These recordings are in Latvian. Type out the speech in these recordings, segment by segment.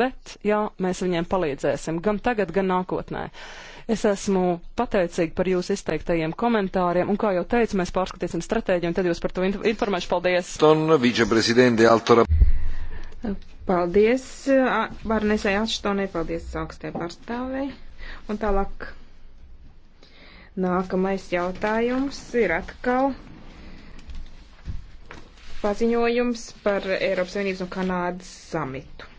bet, jā, mēs viņiem palīdzēsim gan tagad, gan nākotnē. Es esmu pateicīga par jūsu izteiktajiem komentāriem, un, kā jau teicu, mēs pārskatīsim stratēģiju, un tad jūs par to informēšu. Paldies! Paldies, Varnesai Atštonai, paldies augstai pārstāvei. Un tālāk nākamais jautājums ir atkal paziņojums par Eiropas Savienības un Kanādas samitu.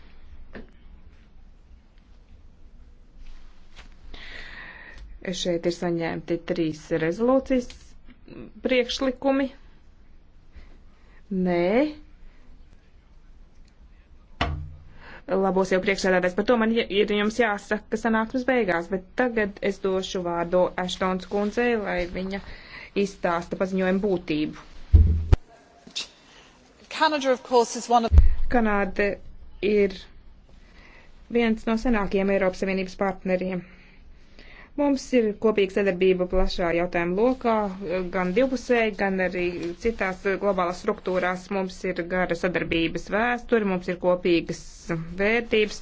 Šeit ir saņemti trīs rezolūcijas priekšlikumi. Nē. Labos jau priekšsēdētājs, par to man ir jums jāsaka sanāksmes beigās, bet tagad es došu vārdu Ashtons kundzei, lai viņa izstāsta paziņojumu būtību. Canada, of course, is one of... Kanāda ir viens no senākajiem Eiropas Savienības partneriem. Mums ir kopīga sadarbība plašā jautājuma lokā, gan divpusēji, gan arī citās globālās struktūrās. Mums ir gara sadarbības vēsture, mums ir kopīgas vērtības.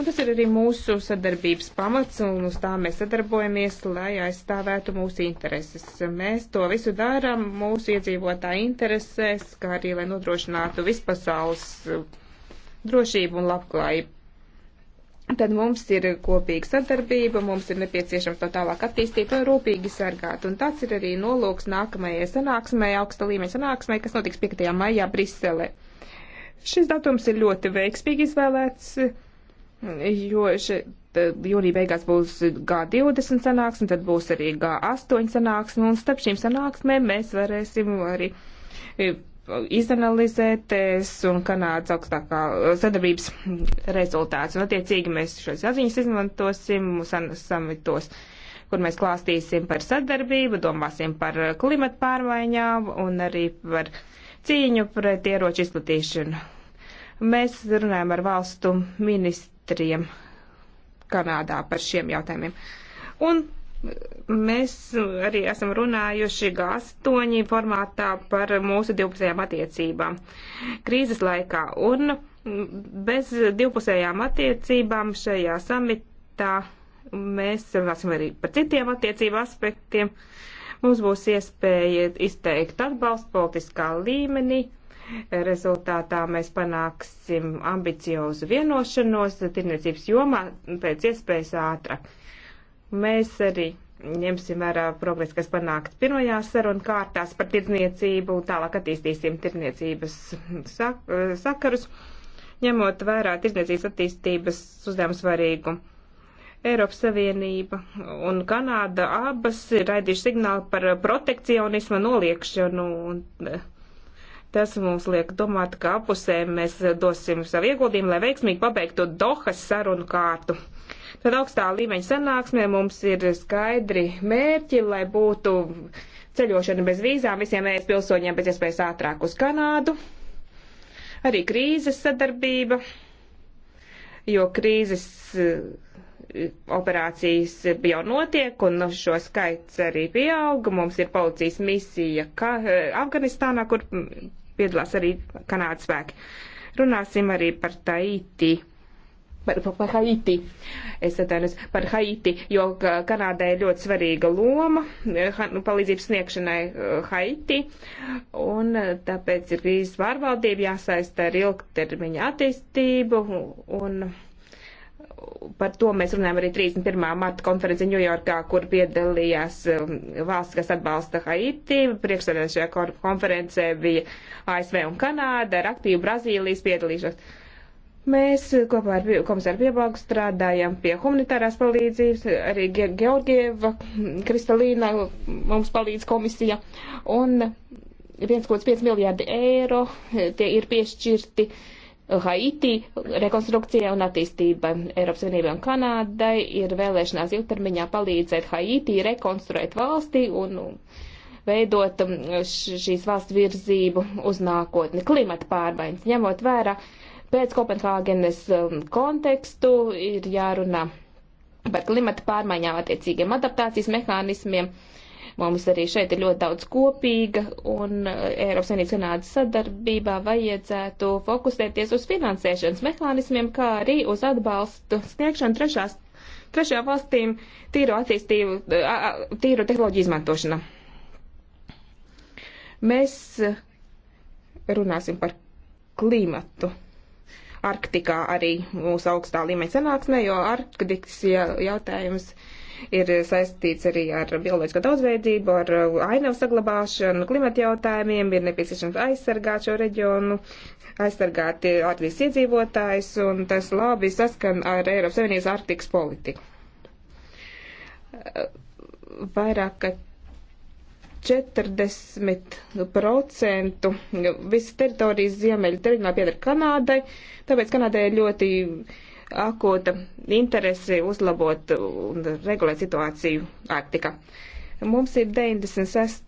Un tas ir arī mūsu sadarbības pamats, un uz tā mēs sadarbojamies, lai aizstāvētu mūsu intereses. Mēs to visu darām mūsu iedzīvotāju interesēs, kā arī, lai nodrošinātu vispasaules drošību un labklājību tad mums ir kopīga sadarbība, mums ir nepieciešams to tālāk attīstīt un rūpīgi sargāt. Un tāds ir arī nolūks nākamajai sanāksmai, augsta līmeņa sanāksmai, kas notiks 5. maijā Brisele. Šis datums ir ļoti veiksmīgi izvēlēts, jo šeit jūnija beigās būs G20 sanāksme, tad būs arī G8 sanāksme, un starp šīm sanāksmēm mēs varēsim arī e, izanalizēt es un Kanādas augstākā sadarbības rezultāts. Un attiecīgi mēs šos atziņas izmantosim samitos, kur mēs klāstīsim par sadarbību, domāsim par klimatu pārmaiņām un arī par cīņu pret ieroču izplatīšanu. Mēs runājam ar valstu ministriem Kanādā par šiem jautājumiem. Un Mēs arī esam runājuši G8 formātā par mūsu divpusējām attiecībām krīzes laikā. Un bez divpusējām attiecībām šajā samitā mēs runāsim arī par citiem attiecību aspektiem. Mums būs iespēja izteikt atbalstu politiskā līmenī. Rezultātā mēs panāksim ambiciozu vienošanos tirniecības jomā pēc iespējas ātrāk. Mēs arī ņemsim vērā progresu, kas panākts pirmajās sarunu kārtās par tirdzniecību, tālāk attīstīsim tirdzniecības sak sakarus, ņemot vērā tirdzniecības attīstības uzdevumu svarīgumu. Eiropas Savienība un Kanāda abas ir raidījuši signālu par protekcionismu noliekšanu. Un eh, tas mums liek domāt, ka apusēm mēs dosim savu ieguldījumu, lai veiksmīgi pabeigtu Dohas sarunu kārtu. Tad augstā līmeņa sanāksmē mums ir skaidri mērķi, lai būtu ceļošana bez vīzām visiem ēst pilsoņiem pēc iespējas ātrāk uz Kanādu. Arī krīzes sadarbība, jo krīzes eh, operācijas jau notiek, un šo skaits arī pieauga. Mums ir policijas misija ka, eh, Afganistānā, kur piedalās arī Kanādas spēki. Runāsim arī par Taiti par, par, par Haiti. Es atvainojos par Haiti, jo Kanādai ir ļoti svarīga loma eh, ha, nu, palīdzības sniegšanai eh, Haiti, un eh, tāpēc ir krīzes pārvaldība jāsaista ar ilgtermiņa attīstību, un par to mēs runājam arī 31. marta konferenci Ņujorkā, kur piedalījās valsts, kas atbalsta Haiti. Priekšsēdētājā šajā konferencē bija ASV un Kanāda ar aktīvu Brazīlijas piedalīšanos Mēs kopā ar komisāru Piebalgu strādājam pie humanitārās palīdzības, arī Georgieva, Kristalīna mums palīdz komisija, un 1,5 miljārdi eiro tie ir piešķirti Haiti rekonstrukcijai un attīstībai. Eiropas Savienībai un Kanādai ir vēlēšanās ilgtermiņā palīdzēt Haiti rekonstruēt valsti un veidot um, šīs valsts virzību uz nākotni. Klimata pārmaiņas ņemot vērā Pēc Kopenhāgenes um, kontekstu ir jārunā par klimata pārmaiņām, attiecīgiem adaptācijas mehānismiem. Mums arī šeit ir ļoti daudz kopīga, un uh, Eiropas Savienības Kanādas sadarbībā vajadzētu fokusēties uz finansēšanas mehānismiem, kā arī uz atbalstu sniegšanu trešās, trešajām valstīm tīro attīstību, tīro tehnoloģiju izmantošana. Mēs uh, runāsim par klimatu. Arktikā arī mūsu augstā līmeņa sanāksmē, jo Arktikas jautājums ir saistīts arī ar bioloģisko daudzveidību, ar uh, ainavu saglabāšanu, klimata jautājumiem, ir nepieciešams aizsargāt šo reģionu, aizsargāt Latvijas uh, iedzīvotājs, un tas labi saskan ar Eiropas Savienības Arktikas politiku. Uh, vairāk, ka 40% visas teritorijas ziemeļu teritorijā pieder Kanādai, tāpēc Kanādai ir ļoti akūta interese uzlabot un regulēt situāciju Arktika. Mums ir 96.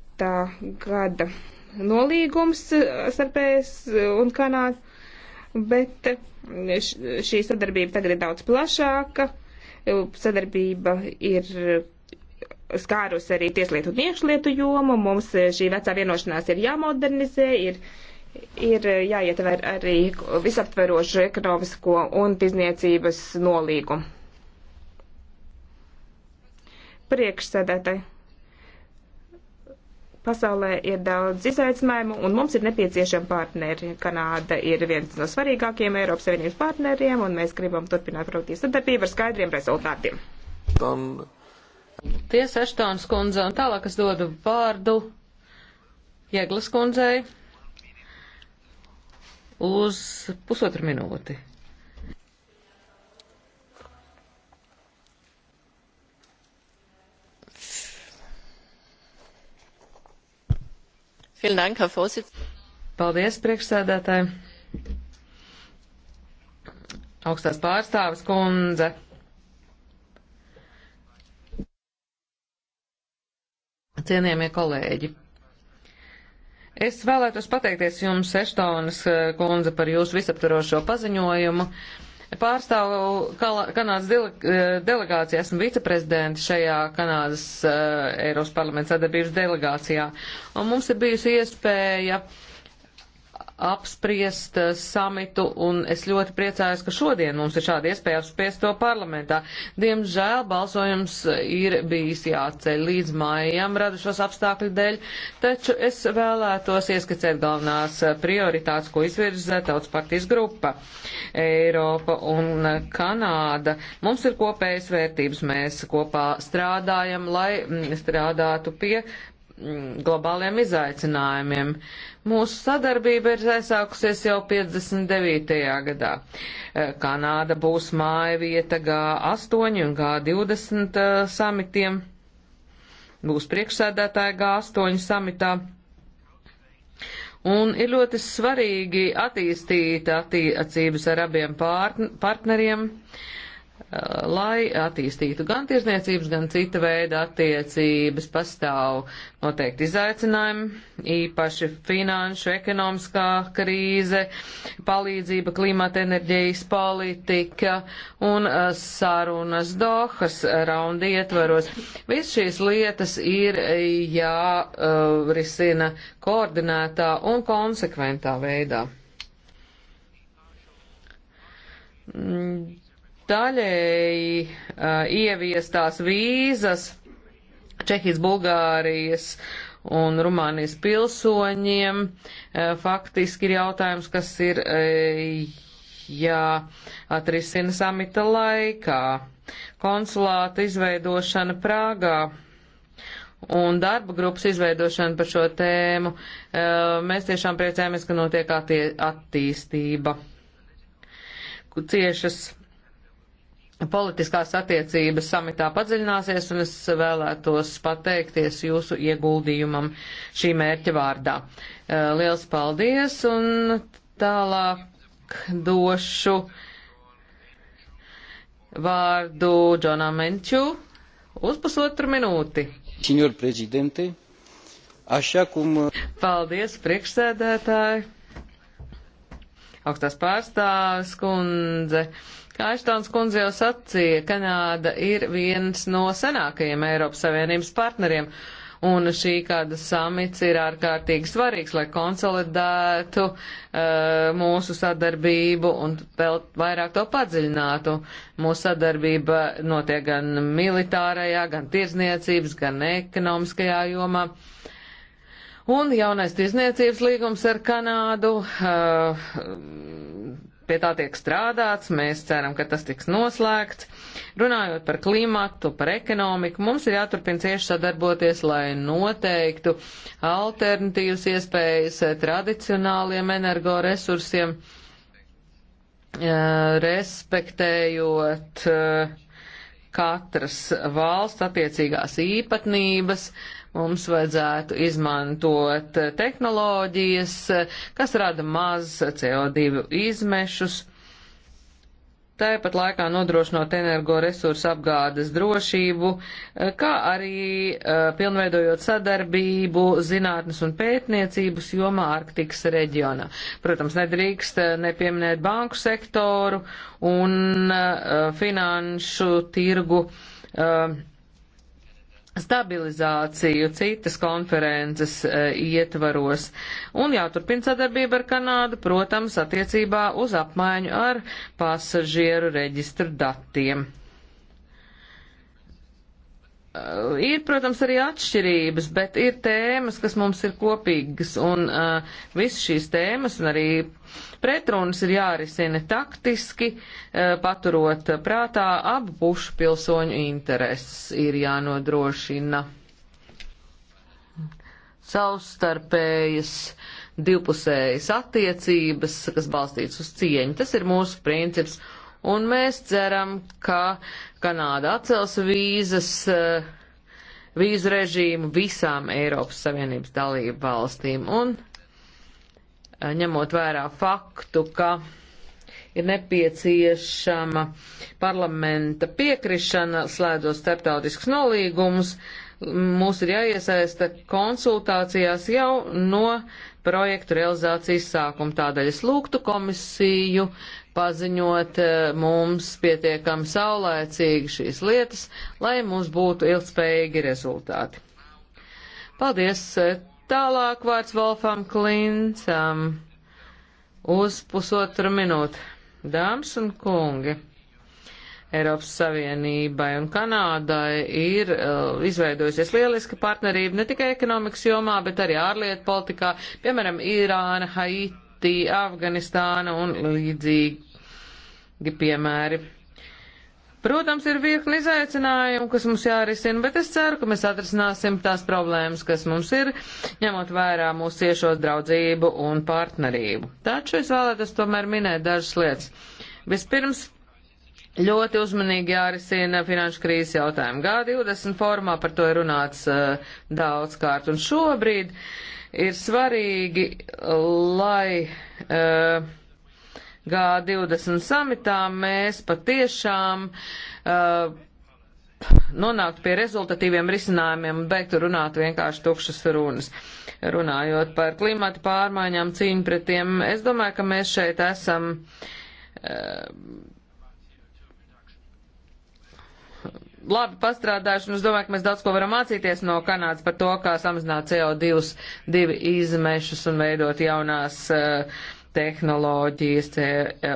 gada nolīgums starp ES un Kanādu, bet šī sadarbība tagad ir daudz plašāka. Sadarbība ir skārus arī tieslietu un iekšlietu jomu. Mums eh, šī vecā vienošanās ir jāmodernizē, ir, ir eh, jāietver arī visaptverošu ekonomisko un tirzniecības nolīgumu. Priekšsēdētāji. Pasaulē ir daudz izaicinājumu, un mums ir nepieciešama partneri. Kanāda ir viens no svarīgākajiem Eiropas Savienības partneriem, un mēs gribam turpināt produktīvu sadarbību ar skaidriem rezultātiem. Tam Paldies, Eštāns kundze, un tālāk es dodu vārdu Jēglas kundzei uz pusotru minūti. Paldies, priekšsēdētāji. Augstās pārstāvis kundze. Cienījamie kolēģi, es vēlētos pateikties jums, Eštonas eh, kundze, par jūsu visaptarošo paziņojumu. Pārstāvu Kanādas dele eh, delegāciju, esmu viceprezidents šajā Kanādas uh, Eiropas parlamenta sadarbības delegācijā, un mums ir bijusi iespēja uh, apspriest eh, samitu, un es ļoti priecājos, ka šodien mums ir šāda iespēja apspriest to parlamentā. Diemžēl balsojums eh, ir bijis jāceļ līdz mājām radušos apstākļu dēļ, taču es vēlētos ieskicēt galvenās eh, prioritātes, ko izvirza Tautas partijas grupa. Eiropa un Kanāda. Mums ir kopējas vērtības, mēs kopā strādājam, lai mm, strādātu pie Mm, globāliem izaicinājumiem. Mūsu sadarbība ir aizsākusies jau 59. gadā. Eh, Kanāda būs māja vieta G8 un G20 eh, samitiem, būs priekšsēdētāja G8 samitā. Un ir ļoti svarīgi attīstīt attiecības ar abiem partneriem lai attīstītu gan tirzniecības, gan cita veida attiecības, pastāv noteikti izaicinājumi, īpaši finanšu, ekonomiskā krīze, palīdzība klimata enerģijas politika un uh, sarunas Dohas raundi ietvaros. Viss šīs lietas ir jārisina uh, koordinētā un konsekventā veidā mm, daļēji uh, ieviestās vīzas Čehijas, Bulgārijas un Rumānijas pilsoņiem uh, faktiski ir jautājums, kas ir uh, jāatrisina samita laikā. Konsulāta izveidošana Prāgā un darba grupas izveidošana par šo tēmu. Mēs tiešām priecājamies, ka notiek attīstība. Ciešas Politiskās attiecības samitā padziļināsies, un es vēlētos pateikties jūsu ieguldījumam šī mērķa vārdā. Eh, liels paldies, un tālāk došu vārdu Džonam Menču uz pusotru minūti. Signor prezidente, așa cum... Eh, paldies, priekšsēdētāji, augstās pārstāvis kundze. Kā Aštons kundze jau sacīja, Kanāda ir viens no senākajiem Eiropas Savienības partneriem, un šī kāda samits ir ārkārtīgi svarīgs, lai konsolidētu uh, mūsu sadarbību un vēl vairāk to padziļinātu. Mūsu sadarbība notiek gan militārajā, gan tirzniecības, gan ekonomiskajā jomā. Un jaunais tirzniecības līgums ar Kanādu uh, pie tā tiek strādāts, mēs ceram, ka tas tiks noslēgts. Runājot par klimatu, par ekonomiku, mums ir jāturpina cieši sadarboties, lai noteiktu alternatīvas iespējas tradicionāliem energoresursiem, eh, respektējot eh, katras valsts attiecīgās īpatnības, uh, Mums vajadzētu izmantot tehnoloģijas, kas rada maz CO2 izmešus, tāpat laikā nodrošinot energoresursu apgādes drošību, kā arī eh, pilnveidojot sadarbību zinātnes un pētniecības jomā Arktikas reģionā. Protams, nedrīkst eh, nepieminēt banku sektoru un eh, finanšu tirgu stabilizāciju citas konferences e, ietvaros. Un jāturpina sadarbība ar Kanādu, protams, attiecībā uz apmaiņu ar pasažieru reģistru datiem. Eh, ir, protams, arī atšķirības, bet ir tēmas, kas mums ir kopīgas, un uh, visas šīs tēmas un arī pretrunas ir jārisina taktiski, uh, paturot prātā abu pušu pilsoņu intereses ir jānodrošina savstarpējas divpusējas attiecības, kas balstīts uz cieņu. Tas ir mūsu princips, un mēs ceram, ka uh, Kanāda atcels vīzas, eh, vīzu režīmu visām Eiropas Savienības dalību valstīm. Un eh, ņemot vērā faktu, ka ir nepieciešama parlamenta piekrišana, slēdzot starptautiskus nolīgumus, mūs ir jāiesaista konsultācijās jau no projektu realizācijas sākuma. Tādēļ es lūgtu komisiju paziņot eh, mums pietiekami saulēcīgi šīs lietas, lai mums būtu ilgspējīgi rezultāti. Paldies! Eh, tālāk vārds Volfam Klincam uz pusotru minūtu. Dāmas un kungi! Eiropas Savienībai un Kanādai ir uh, izveidojusies lieliska partnerība ne tikai ekonomikas jomā, bet arī ārlietu politikā, piemēram, Irāna, Haiti Haiti, Afganistāna un līdzīgi piemēri. Protams, ir virkni izaicinājumu, kas mums jārisina, bet es ceru, ka mēs atrisināsim tās problēmas, kas mums ir, ņemot vērā mūsu ciešo draudzību un partnerību. Taču es vēlētos tomēr minēt dažas lietas. Vispirms Ļoti uzmanīgi jārisina finanšu krīzes jautājumi. G20 formā par to ir runāts uh, eh, daudz kārt, un šobrīd ir svarīgi, lai uh, G20 samitā mēs patiešām uh, eh, nonākt pie rezultatīviem risinājumiem un beigtu runāt vienkārši tukšas runas. Runājot par klimata pārmaiņām, cīņu pret tiem, es domāju, ka mēs šeit esam uh, labi pastrādājuši, un es domāju, ka mēs daudz ko varam mācīties no Kanādas par to, kā samazināt CO2 izmešus un veidot jaunās uh, tehnoloģijas uh,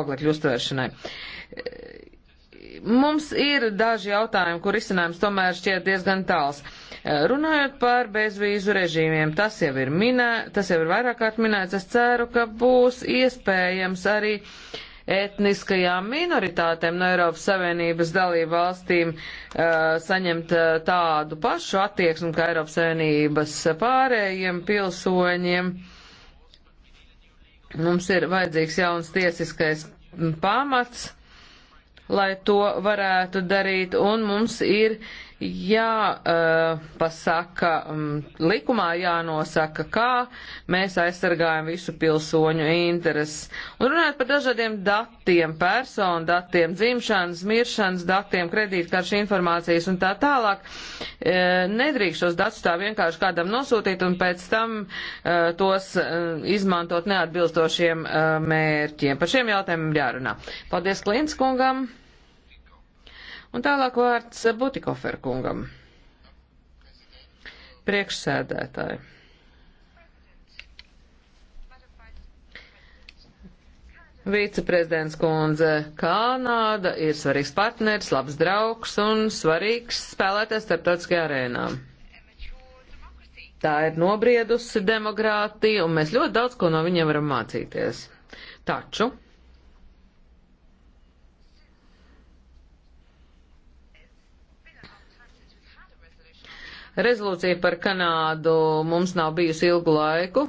oglekļu uztveršanai. Eh, mums ir daži jautājumi, kur izcinājums tomēr šķiet diezgan tāls. Runājot par bezvīzu režīmiem, tas jau ir minēts, tas jau ir vairāk kārt minēts. Es ceru, ka būs iespējams arī uh, etniskajām minoritātēm no Eiropas Savienības dalību valstīm uh, saņemt uh, tādu pašu attieksmi kā Eiropas Savienības pārējiem pilsoņiem. Mums ir vajadzīgs jauns tiesiskais pamats, lai to varētu darīt, un mums ir uh, jāpasaka eh, mm, likumā, jānosaka, kā mēs aizsargājam visu pilsoņu intereses. Un runājot par dažādiem datiem, personu datiem, dzimšanas, miršanas datiem, kredītkaršu informācijas un tā tālāk, eh, nedrīkst šos datus tā vienkārši kādam nosūtīt un pēc tam eh, tos izmantot neatbilstošiem mērķiem. Par šiem jautājumiem jārunā. Paldies Klinskungam! Un tālāk vārds Butikofer kungam. Priekšsēdētāji. Viceprezidents kundze, Kanāda ir svarīgs partners, labs draugs un svarīgs spēlētājs starptautiskajā arēnā. Tā ir nobriedusi demokrātija, un mēs ļoti daudz ko no viņiem varam mācīties. Taču Rezolūcija par Kanādu mums nav bijusi ilgu laiku.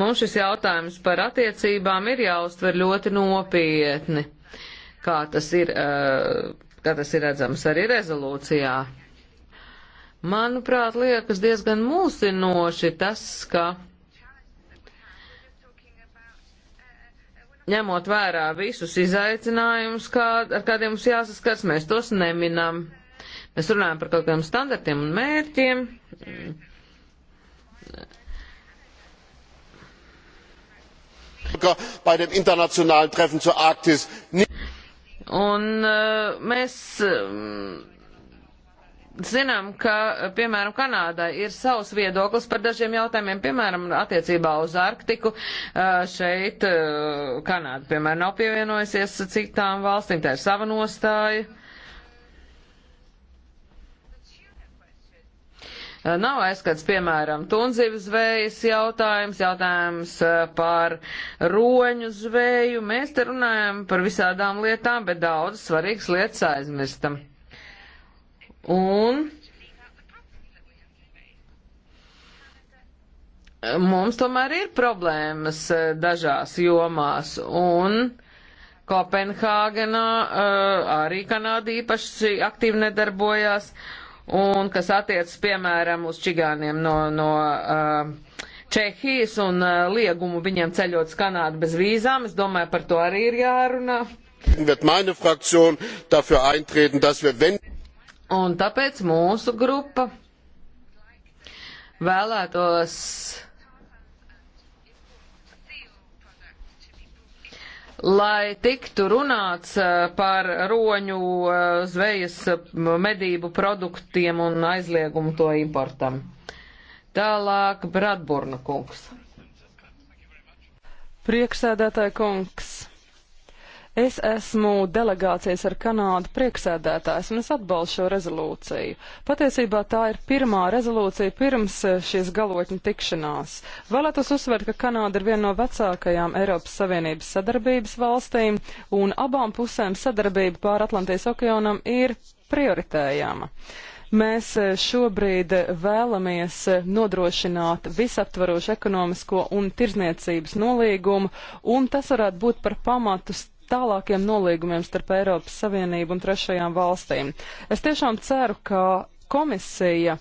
Mums šis jautājums par attiecībām ir jāuztver ļoti nopietni, kā tas ir, eh, kā tas ir redzams arī rezolūcijā. Manuprāt, liekas diezgan mulsinoši tas, ka ņemot vērā visus izaicinājumus, kā, ar kādiem mums jāsaskars, mēs tos neminam. Mēs runājam par kaut kādiem standartiem un mērķiem. bei dem internationalen Treffen zur Arktis. Un uh, mēs uh, zinām, ka, piemēram, Kanādā ir savs viedoklis par dažiem jautājumiem, piemēram, attiecībā uz Arktiku. Šeit Kanāda, piemēram, nav pievienojusies citām valstīm, tā ir sava nostāja. Nav aizskats, piemēram, tunzīves zvejas jautājums, jautājums par roņu zveju. Mēs te runājam par visādām lietām, bet daudz svarīgas lietas aizmirstam. Un mums tomēr ir problēmas eh, dažās jomās, un Kopenhāgenā eh, arī Kanāda īpaši aktīvi nedarbojās, un kas attiecas, piemēram, uz čigāniem no, no eh, Čehijas un liegumu viņiem ceļot uz Kanādu bez vīzām, es domāju, par to arī ir jārunā. Wird meine Fraktion dafür eintreten, dass wir, wenn Un tāpēc mūsu grupa vēlētos lai tiktu runāts eh, par roņu eh, zvejas eh, medību produktiem un aizliegumu to importam. Tālāk Bradburna kungs. Prieksēdētāja kungs, Es esmu delegācijas ar Kanādu prieksēdētājs, un es atbalstu šo rezolūciju. Patiesībā tā ir pirmā rezolūcija pirms eh, šīs galotņa tikšanās. Vēlētos uzsvērt, ka Kanāda ir viena no vecākajām Eiropas Savienības sadarbības valstīm, un abām pusēm sadarbība pār Atlantijas okeānam ir prioritējama. Mēs eh, šobrīd vēlamies eh, nodrošināt visaptvarošu ekonomisko un tirzniecības nolīgumu, un tas varētu būt par pamatus tālākiem nolīgumiem starp Eiropas Savienību un trešajām valstīm. Es tiešām ceru, ka komisija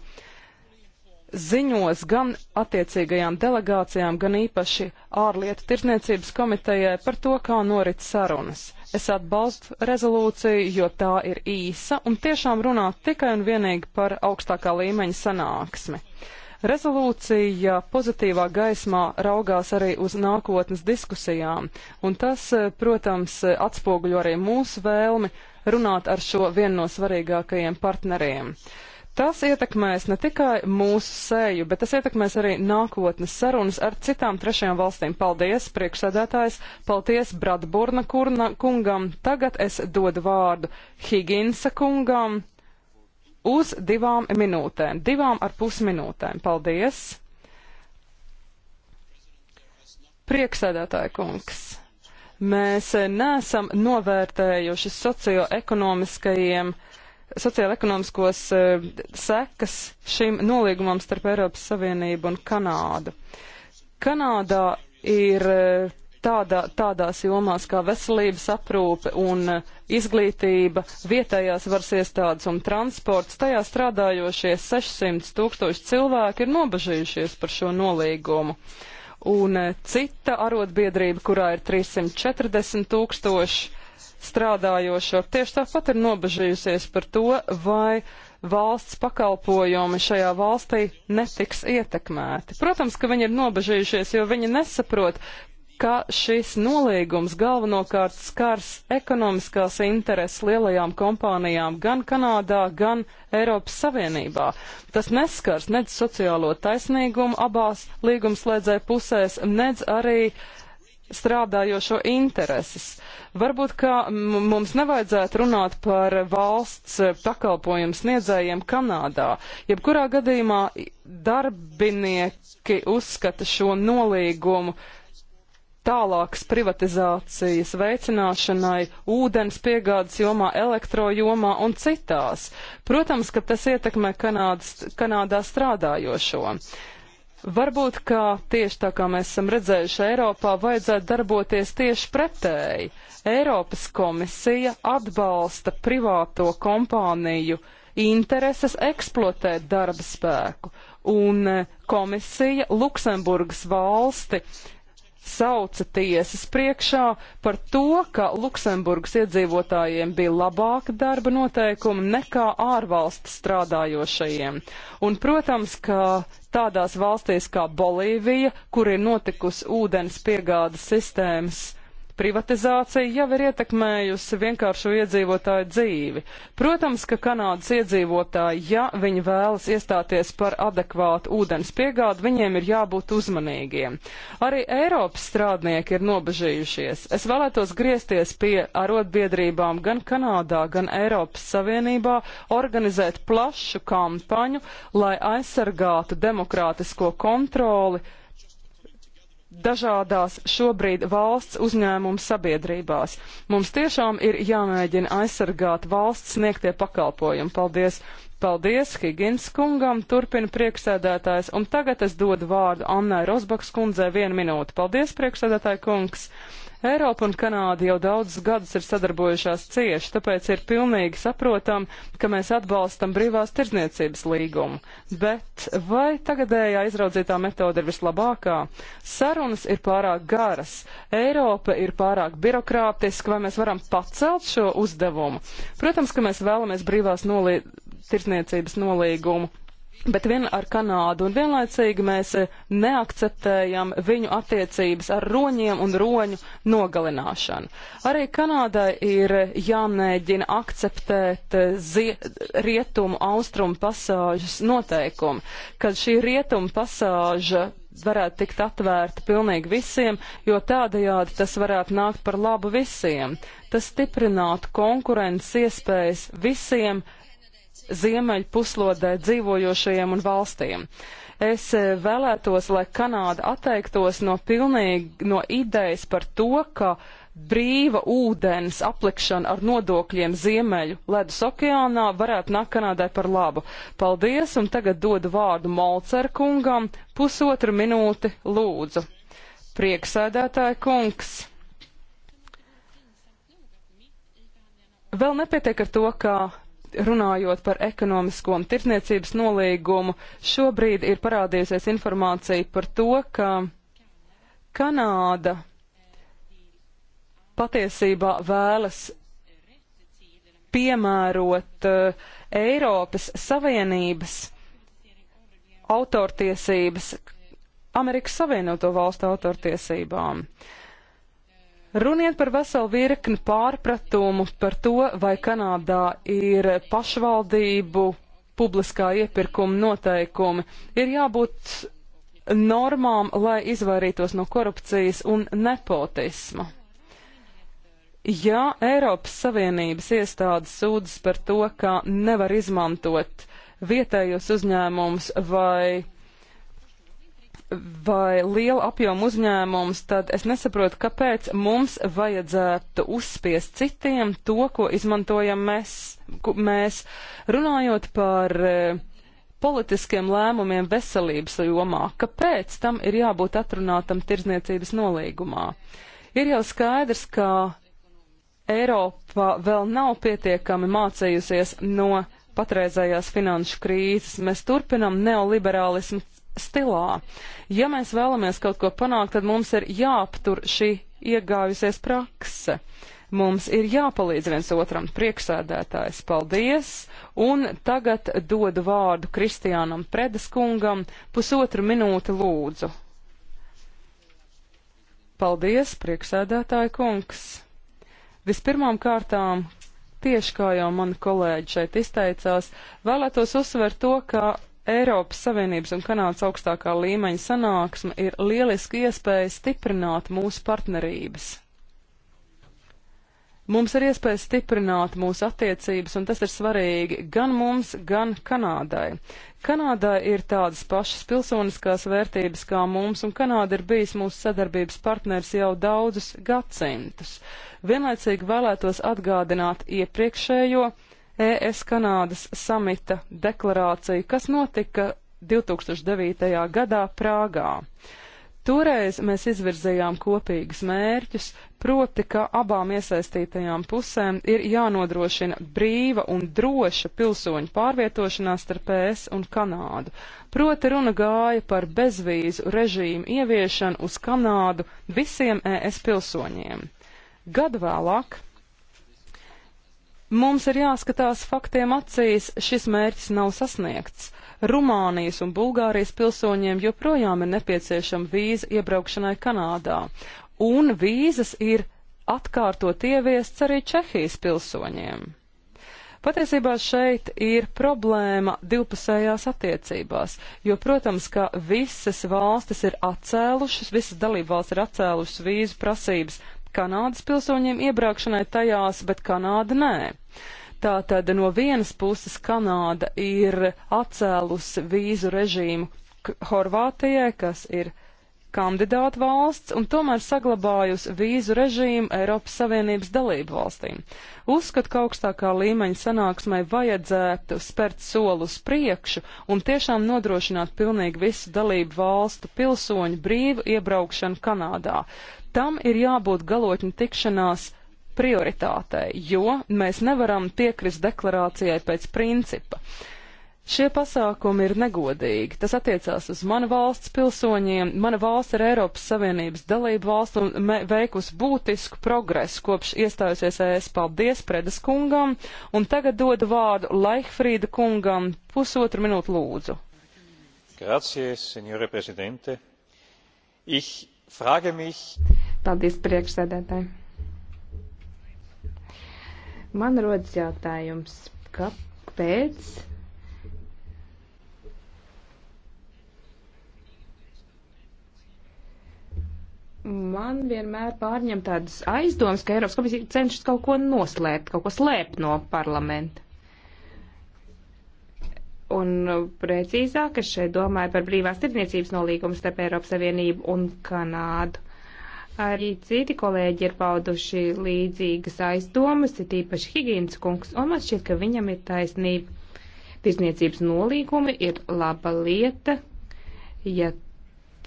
ziņos gan attiecīgajām delegācijām, gan īpaši ārlietu tirzniecības komitejai par to, kā norit sarunas. Es atbalstu rezolūciju, jo tā ir īsa un tiešām runā tikai un vienīgi par augstākā līmeņa sanāksmi. Uh, Rezolūcija pozitīvā gaismā raugās arī uz nākotnes diskusijām, un tas, eh, protams, atspoguļo arī mūsu vēlmi runāt ar šo vienu no svarīgākajiem partneriem. Tas ietekmēs ne tikai mūsu sēju, bet tas ietekmēs arī nākotnes sarunas ar citām trešajām valstīm. Paldies, priekšsēdētājs, paldies Bradburna kurna, kungam. Tagad es dodu vārdu Higinsa kungam uz divām minūtēm, divām ar pus minūtēm. Paldies! Prieksēdētāja kungs, mēs neesam novērtējuši socioekonomiskajiem, socioekonomiskos e, sekas šim nolīgumam starp Eiropas Savienību un Kanādu. Kanādā ir e, tādā, tādās jomās kā veselības aprūpe un eh, izglītība, vietējās varas iestādes un transports. Tajā strādājošie 600 tūkstoši cilvēki ir nobežījušies par šo nolīgumu. Un eh, cita arotbiedrība, kurā ir 340 tūkstoši strādājošo, tieši tāpat ir nobežījusies par to, vai valsts pakalpojumi šajā valstī netiks ietekmēti. Protams, ka viņi ir nobežījušies, jo viņi nesaprot, ka šis nolīgums galvenokārt skars ekonomiskās intereses lielajām kompānijām gan Kanādā, gan Eiropas Savienībā. Tas neskars nedz sociālo taisnīgumu abās līgumslēdzē pusēs, nedz arī strādājošo intereses. Varbūt, ka mums nevajadzētu runāt par valsts pakalpojumu sniedzējiem Kanādā. Jebkurā gadījumā darbinieki uzskata šo nolīgumu tālākas privatizācijas veicināšanai ūdens piegādes jomā, elektrojomā un citās. Protams, ka tas ietekmē Kanādas, Kanādā strādājošo. Varbūt, ka tieši tā kā mēs esam redzējuši Eiropā, vajadzētu darboties tieši pretēji. Eiropas komisija atbalsta privāto kompāniju intereses eksploatēt darba spēku, un eh, komisija Luksemburgas valsti uh, sauca tiesas priekšā par to, ka Luksemburgas iedzīvotājiem bija labāka darba noteikumi nekā ārvalstu strādājošajiem. Un, protams, ka tādās valstīs kā Bolīvija, kur ir notikusi ūdens piegādes sistēmas Privatizācija jau ir ietekmējusi vienkāršo iedzīvotāju dzīvi. Protams, ka Kanādas iedzīvotāji, ja viņi vēlas iestāties par adekvātu ūdens piegādu, viņiem ir jābūt uzmanīgiem. Arī Eiropas strādnieki ir nobežījušies. Es vēlētos griezties pie arotbiedrībām gan Kanādā, gan Eiropas Savienībā, organizēt plašu kampaņu, lai aizsargātu demokrātisko kontroli dažādās šobrīd valsts uzņēmumu sabiedrībās. Mums tiešām ir jāmēģina aizsargāt valsts sniegtie pakalpojumi. Paldies! Paldies Higins kungam, turpina priekšsēdētājs, un tagad es dodu vārdu Annai Rosbaks kundzei vienu minūti. Paldies, priekšsēdētāji kungs! Eiropa un Kanāda jau daudzus gadus ir sadarbojušās cieši, tāpēc ir pilnīgi saprotam, ka mēs atbalstam brīvās tirdzniecības līgumu. Bet vai tagadējā izraudzītā metode ir vislabākā? Sarunas ir pārāk garas, Eiropa ir pārāk birokrātiska, vai mēs varam pacelt šo uzdevumu? Protams, ka mēs vēlamies brīvās nolī... tirdzniecības nolīgumu bet vien ar Kanādu, un vienlaicīgi mēs eh, neakceptējam viņu attiecības ar roņiem un roņu nogalināšanu. Arī Kanādai ir jāmēģina akceptēt eh, zie, rietumu austrumu pasāžas noteikumu, kad šī rietumu pasāža varētu tikt atvērta pilnīgi visiem, jo tādajādi tas varētu nākt par labu visiem. Tas stiprinātu konkurences iespējas visiem ziemeļu puslodē dzīvojošajiem un valstīm. Es eh, vēlētos, lai Kanāda atteiktos no pilnīgi no idejas par to, ka brīva ūdens aplikšana ar nodokļiem Ziemeļu ledus okeānā varētu nākt Kanādai par labu. Paldies, un tagad dodu vārdu Molcer kungam. Pusotru minūti lūdzu. Prieksēdētāja kungs. Vēl nepietiek ar to, ka runājot par ekonomisko un tirsniecības nolīgumu, šobrīd ir parādījusies informācija par to, ka Kanāda patiesībā vēlas piemērot uh, Eiropas Savienības autortiesības Amerikas Savienoto Valstu autortiesībām. Uh, Runiet par veselu virkni pārpratumu par to, vai Kanādā ir pašvaldību publiskā iepirkuma noteikumi. Ir jābūt normām, lai izvairītos no korupcijas un nepotisma. Ja Eiropas Savienības iestādes sūdzas par to, ka nevar izmantot vietējos uzņēmumus vai vai liela apjoma uzņēmums, tad es nesaprotu, kāpēc mums vajadzētu uzspiest citiem to, ko izmantojam mēs. mēs runājot par e, politiskiem lēmumiem veselības jomā, kāpēc tam ir jābūt atrunātam tirzniecības nolīgumā? Ir jau skaidrs, ka Eiropa vēl nav pietiekami mācījusies no patreizējās finanšu krīzes. Mēs turpinam neoliberālismu stilā. Ja mēs vēlamies kaut ko panākt, tad mums ir jāaptur šī iegājusies prakse. Mums ir jāpalīdz viens otram priekšsēdētājs. Paldies! Un tagad dodu vārdu Kristiānam Predeskungam. Pusotru minūti lūdzu. Paldies, priekšsēdētāja kungs! Vispirmām kārtām, tieši kā jau mani kolēģi šeit izteicās, vēlētos uzsvert to, ka Eiropas Savienības un Kanādas augstākā līmeņa sanāksme ir lieliski iespēja stiprināt mūsu partnerības. Mums ir iespēja stiprināt mūsu attiecības, un tas ir svarīgi gan mums, gan Kanādai. Kanādā ir tādas pašas pilsoniskās vērtības kā mums, un Kanāda ir bijis mūsu sadarbības partners jau daudzus gadsimtus. Vienlaicīgi vēlētos atgādināt iepriekšējo ES Kanādas samita deklarāciju, kas notika 2009. gadā Prāgā. Toreiz mēs izvirzījām kopīgus mērķus, proti, ka abām iesaistītajām pusēm ir jānodrošina brīva un droša pilsoņu pārvietošanās starp ES un Kanādu. Proti runa gāja par bezvīzu režīmu ieviešanu uz Kanādu visiem ES pilsoņiem. Gadu vēlāk, Mums ir jāskatās faktiem acīs, šis mērķis nav sasniegts. Rumānijas un Bulgārijas pilsoņiem joprojām ir nepieciešama vīza iebraukšanai Kanādā, un vīzas ir atkārtot ieviests arī Čehijas pilsoņiem. Patiesībā šeit ir problēma divpusējās attiecībās, jo, protams, ka visas valstis ir atcēlušas, visas dalībvalsts ir atcēlušas vīzu prasības Kanādas pilsoņiem iebraukšanai tajās, bet Kanāda nē. Tātad no vienas puses Kanāda ir atcēlusi vīzu režīmu Horvātijai, kas ir kandidāta valsts un tomēr saglabājusi vīzu režīmu Eiropas Savienības dalību valstīm. Uzskat, ka augstākā līmeņa sanāksmai vajadzētu spērt soli uz priekšu un tiešām nodrošināt pilnīgi visu dalību valstu pilsoņu brīvu iebraukšanu Kanādā. Tam ir jābūt galotņu tikšanās prioritātei, jo mēs nevaram piekrist deklarācijai pēc principa. Šie pasākumi ir negodīgi. Tas attiecās uz mana valsts pilsoņiem. Mana valsts ir Eiropas Savienības dalība valsts un veikusi būtisku progresu kopš iestājusies ES. Paldies Predes kungam un tagad dodu vārdu Laihfrīda kungam pusotru minūtu lūdzu. Grazie, signore prezidente. Ich frage mich. Paldies priekšsēdētāji. Man rodas jautājums, kāpēc man vienmēr pārņem tādas aizdomas, ka Eiropas komisija cenšas kaut ko noslēpt, kaut ko slēpt no parlamenta. Un uh, precīzāk, es šeit domāju par brīvās tirdzniecības nolīgumu starp Eiropas Savienību un Kanādu. Arī citi kolēģi ir pauduši līdzīgas aizdomas, ir tīpaši Higīnas kungs, un man šķiet, ka viņam ir taisnība. Tirzniecības nolīgumi ir laba lieta, ja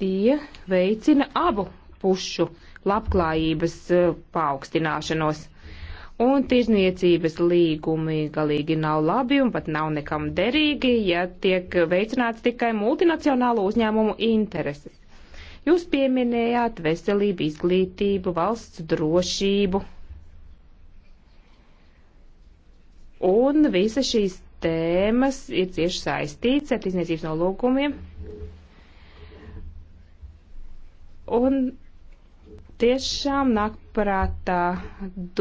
tie veicina abu pušu labklājības eh, paaugstināšanos un tirzniecības līgumi galīgi nav labi un pat nav nekam derīgi, ja tiek veicināts tikai multinacionālo uzņēmumu intereses. Jūs pieminējāt veselību, izglītību, valsts drošību. Un visa šīs tēmas ir cieši saistīts ar izniecības nolūkumiem. Un tiešām nāk prātā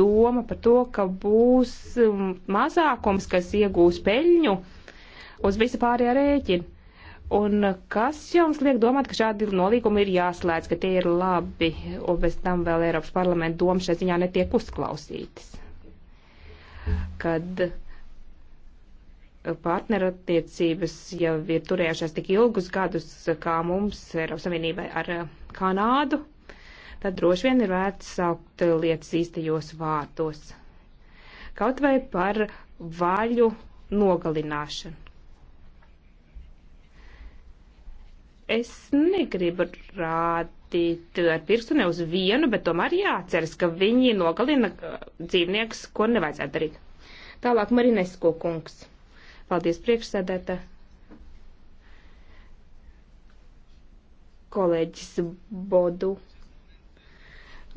doma par to, ka būs mazākums, kas iegūs peļņu uz visu pārējā rēķinu. Un kas jums liek domāt, ka šādi nolīgumi ir jāslēdz, ka tie ir labi, un bez tam vēl Eiropas parlamenta doma šai ziņā netiek uzklausītas? Kad partnerattiecības jau ir turējušās tik ilgus gadus, kā mums Eiropas Savienībai ar Kanādu, tad droši vien ir vērts saukt lietas īstajos vārdos. Kaut vai par vaļu nogalināšanu es negribu rādīt ar pirkstu ne uz vienu, bet tomēr jāatceras, ka viņi nogalina uh, dzīvnieks, ko nevajadzētu darīt. Tālāk Marinesko kungs. Paldies priekšsēdētā. Kolēģis Bodu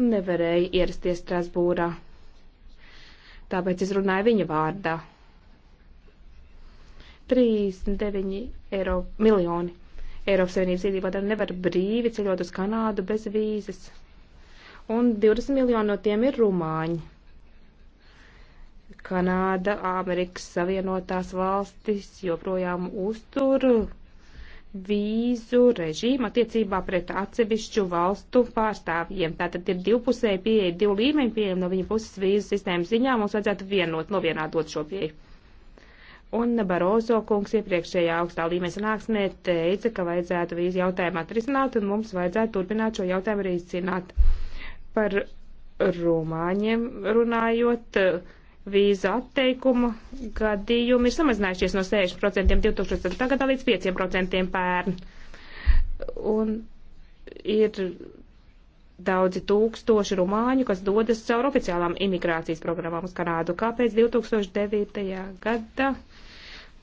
nevarēja ierasties Strasbūrā, tāpēc es runāju viņa vārdā. 39 eiro miljoni Eiropas Savienības iedzīvotāji nevar brīvi ceļot uz Kanādu bez vīzes. Un 20 miljoni no tiem ir rumāņi. Kanāda, Amerikas Savienotās valstis joprojām uztur vīzu režīmu attiecībā pret atsevišķu valstu pārstāvjiem. Tātad ir divpusēji pieeja, divu līmeņu pieeja no viņa puses vīzu sistēmas ziņā. Mums vajadzētu vienot, novienādot šo pieeju. Un Barozo kungs iepriekšējā augstā līmeņa sanāksmē teica, ka vajadzētu vīzu jautājumu atrisināt, un mums vajadzētu turpināt šo jautājumu arī izcināt. Par rumāņiem runājot, vīza atteikumu gadījumi ir samazinājušies no 60% 2004. gadā līdz 5% pērn. Un ir daudzi tūkstoši rumāņu, kas dodas caur oficiālām imigrācijas programmām uz Kanādu. Kāpēc 2009. gada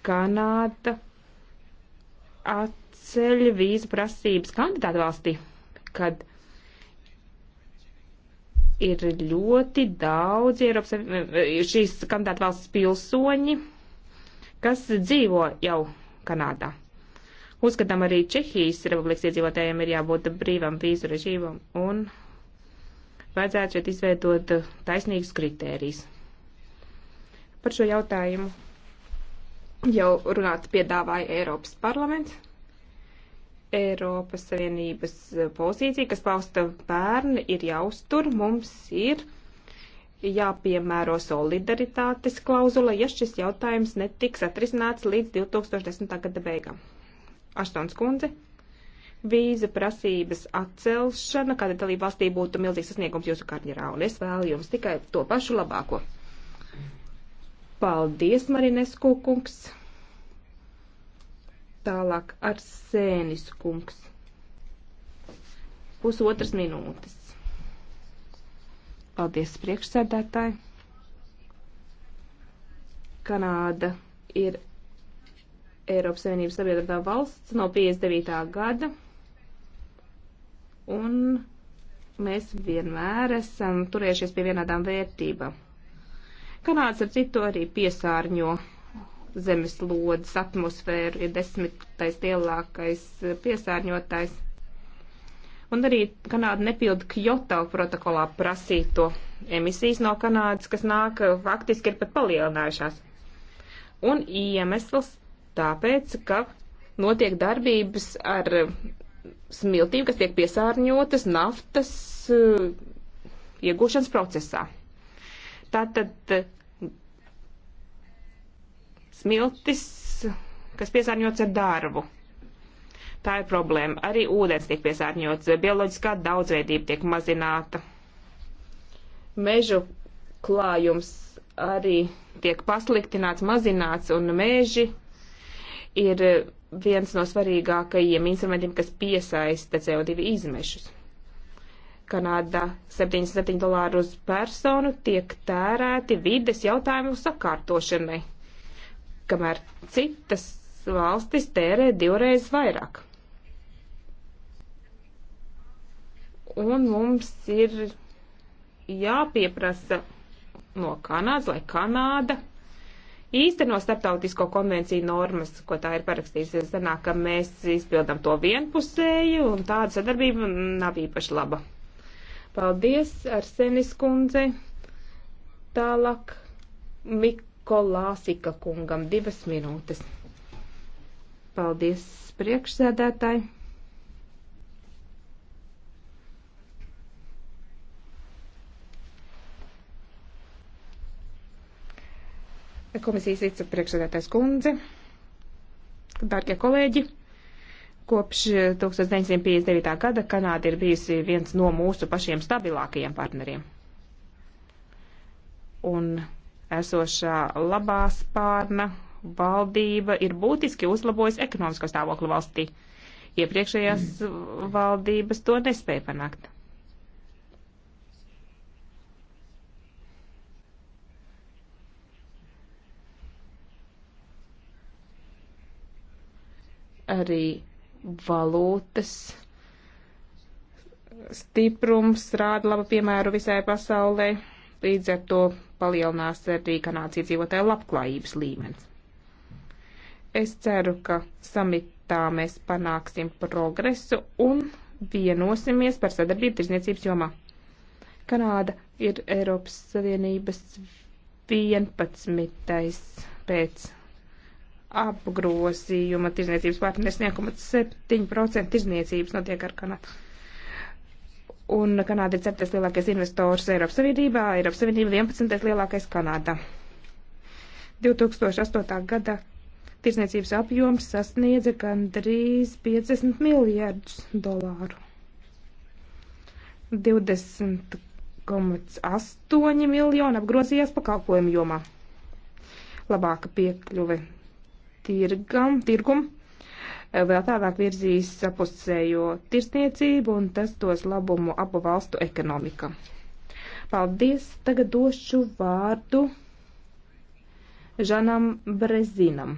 Kanāda atceļ vīzu prasības kandidātu valstī, kad ir ļoti daudz Eiropas, šīs kandidātu valsts pilsoņi, kas dzīvo jau Kanādā. Uzskatām arī Čehijas republikas iedzīvotājiem ir jābūt brīvam vīzu režīmam un vajadzētu šeit izveidot taisnīgus kritērijus. Par šo jautājumu jau runāt piedāvāja Eiropas parlaments. Eiropas Savienības pozīcija, kas pausta bērni, ir jāuztur. Mums ir jāpiemēro solidaritātes klauzula, ja šis jautājums netiks atrisināts līdz 2010. gada beigām. Aštons kundze. Vīza prasības atcelšana, kāda dalība valstī būtu milzīgs sasniegums jūsu karjerā, un es vēlu jums tikai to pašu labāko. Paldies, Marines Kukungs. Tālāk ar Sēnis Kungs. Pusotras minūtes. Paldies, priekšsēdētāji. Kanāda ir Eiropas Savienības sabiedrotā valsts no 59. gada, un mēs vienmēr esam turējušies pie vienādām vērtībām. Kanāds ar citu arī piesārņo zemes lodes atmosfēru, ir desmitais lielākais eh, piesārņotājs. Un arī Kanāda nepilda Kyoto protokolā prasīto emisijas no Kanādas, kas nāk eh, faktiski ir pat palielinājušās. Un iemesls tāpēc, ka notiek darbības ar eh, smiltīm, kas tiek piesārņotas naftas iegūšanas procesā. Tātad smiltis, kas piesārņots ar darbu. Tā ir problēma. Arī ūdens tiek piesārņots, bioloģiskā daudzveidība tiek mazināta. Mežu klājums arī tiek pasliktināts, mazināts, un meži ir viens no svarīgākajiem instrumentiem, kas piesaista CO2 izmešus. Kanādā 77 dolāru uz personu tiek tērēti vides jautājumu sakārtošanai kamēr citas valstis tērē divreiz vairāk. Un mums ir jāpieprasa no Kanādas, lai Kanāda īsteno starptautisko konvenciju normas, ko tā ir parakstījusi. Es zanāk, ka mēs izpildam to vienpusēju, un tāda sadarbība nav īpaši laba. Paldies, Arsenis kundze. Tālāk, Mik Kolāsika kungam divas minūtes. Paldies priekšsēdētāji. Komisijas vicepriekšsēdētājs kundze, dārgie kolēģi, kopš 1959. gada Kanāda ir bijusi viens no mūsu pašiem stabilākajiem partneriem. Un esošā labā spārna valdība ir būtiski uzlabojusi ekonomisko stāvokli valstī. Iepriekšējās valdības to nespēja panākt. Arī valūtas stiprums rāda labu piemēru visai pasaulē. Līdz ar to palielinās arī Kanādas iedzīvotāju labklājības līmenis. Es ceru, ka samitā mēs panāksim progresu un vienosimies par sadarbību tirzniecības jomā. Kanāda ir Eiropas Savienības 11. pēc apgrozījuma tirzniecības partneris 1,7% tirzniecības notiek ar Kanādu un Kanāda ir 7. lielākais investors Eiropas Savienībā, Eiropas Savienība 11. lielākais Kanādā. 2008. gada tirsniecības apjoms sasniedza gandrīz 50 miljārdus dolāru. 20,8 miljoni apgrozījās pakalpojumu jomā. Labāka piekļuve tirgam, tirgum Eh, vēl tālāk virzīs sapusējo tirsniecību un tas dos labumu abu valstu ekonomikam. Paldies! Tagad došu vārdu Žanam Brezinam.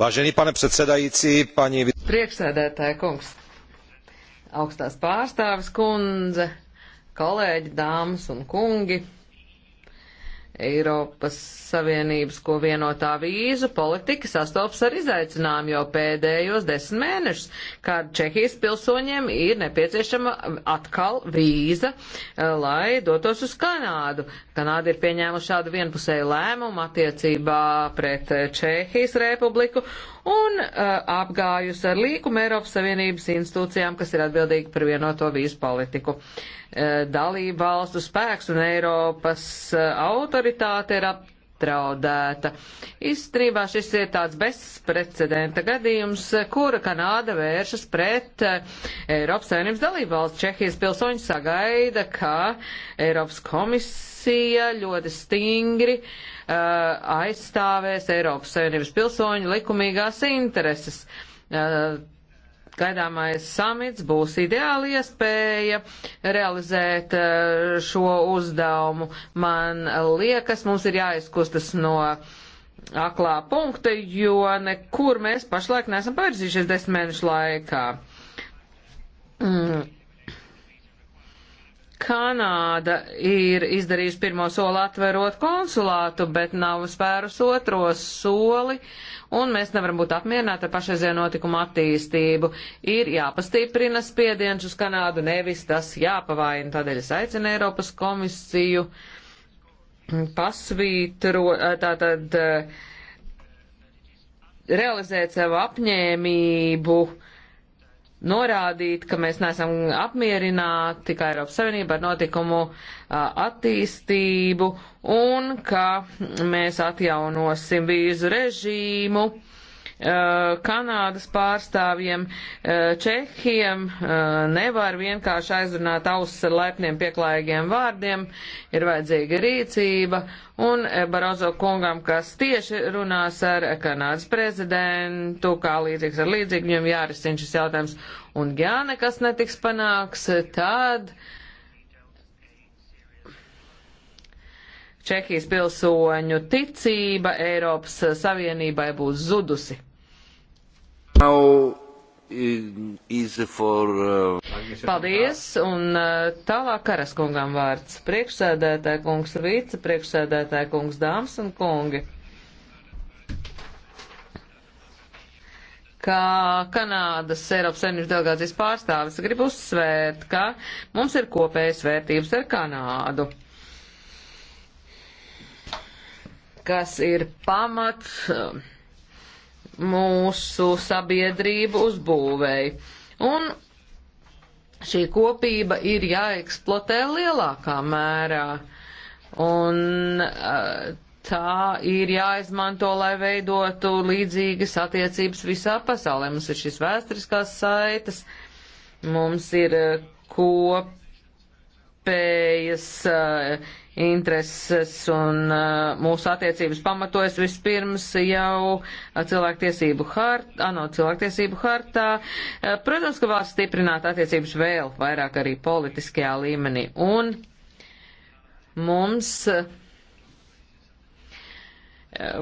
Vážený pane předsedající, paní... Priekšsēdētāja kungs, augstās pārstāvis kundze, kolēģi, dāmas un kungi. Eiropas Savienības, ko vienotā vīzu politika sastopas ar izaicinājumu jau pēdējos desmit mēnešus, kad Čehijas pilsoņiem ir nepieciešama atkal vīza, eh, lai dotos uz Kanādu. Kanāda ir pieņēmusi šādu vienpusēju lēmumu attiecībā pret Čehijas republiku un uh, apgājus ar līkumu Eiropas Savienības institūcijām, kas ir atbildīgi par vienoto vīzu politiku. Uh, eh, dalība valstu spēks un Eiropas uh, autoritāte ir aptraudēta. Izstrībā šis ir tāds bezprecedenta gadījums, kura Kanāda vēršas pret Eiropas Savienības dalību valsts. Čehijas pilsoņi sagaida, ka Eiropas komisija ļoti stingri uh, Uh, aizstāvēs Eiropas Savienības pilsoņu likumīgās intereses. Uh, gaidāmais samits būs ideāla iespēja realizēt uh, šo uzdevumu. Man liekas, mums ir jāizkustas no aklā punkta, jo nekur mēs pašlaik nesam pavirzījušies desmit mēnešu laikā. Mm. Kanāda ir izdarījusi pirmo soli atverot konsulātu, bet nav spērus otro soli, un mēs nevaram būt apmierināti ar pašreizējo notikumu attīstību. Ir jāpastiprina spiediens uz Kanādu, nevis tas jāpavaina. Tādēļ es aicinu Eiropas komisiju pasvītro, tātad eh, realizēt savu apņēmību uh, norādīt, ka mēs neesam apmierināti kā Eiropas Savienība ar notikumu attīstību un ka mēs atjaunosim vīzu režīmu Eh, Kanādas pārstāvjiem, eh, Čehiem eh, nevar vienkārši aizrunāt ausis ar laipniem pieklājīgiem vārdiem, ir vajadzīga rīcība, un Barozo kungam, kas tieši runās ar Kanādas prezidentu, kā līdzīgs ar līdzīgu, viņam jārisina šis jautājums, un ja nekas netiks panāks, tad. Čehijas pilsoņu ticība Eiropas Savienībai būs zudusi. Now is for. Uh... Paldies, un uh, tālāk karaskungam vārds. Priekšsēdētāja kungs, vice priekšsēdētāja kungs, dāmas un kungi. kā Kanādas Eiropas Savienības delegācijas pārstāvis grib uzsvērt, ka mums ir kopējas vērtības ar Kanādu, kas ir pamats um, mūsu sabiedrību uzbūvēja. Un šī kopība ir jāeksploatē lielākā mērā. Un eh, tā ir jāizmanto, lai veidotu līdzīgas attiecības visā pasaulē. Mums ir šis vēsturiskās saites, mums ir eh, kopējas eh, intereses un uh, mūsu attiecības pamatojas vispirms jau cilvēktiesību hartā, ano cilvēktiesību hartā. Uh, protams, ka valsts stiprināt attiecības vēl vairāk arī politiskajā līmenī. Un mums uh,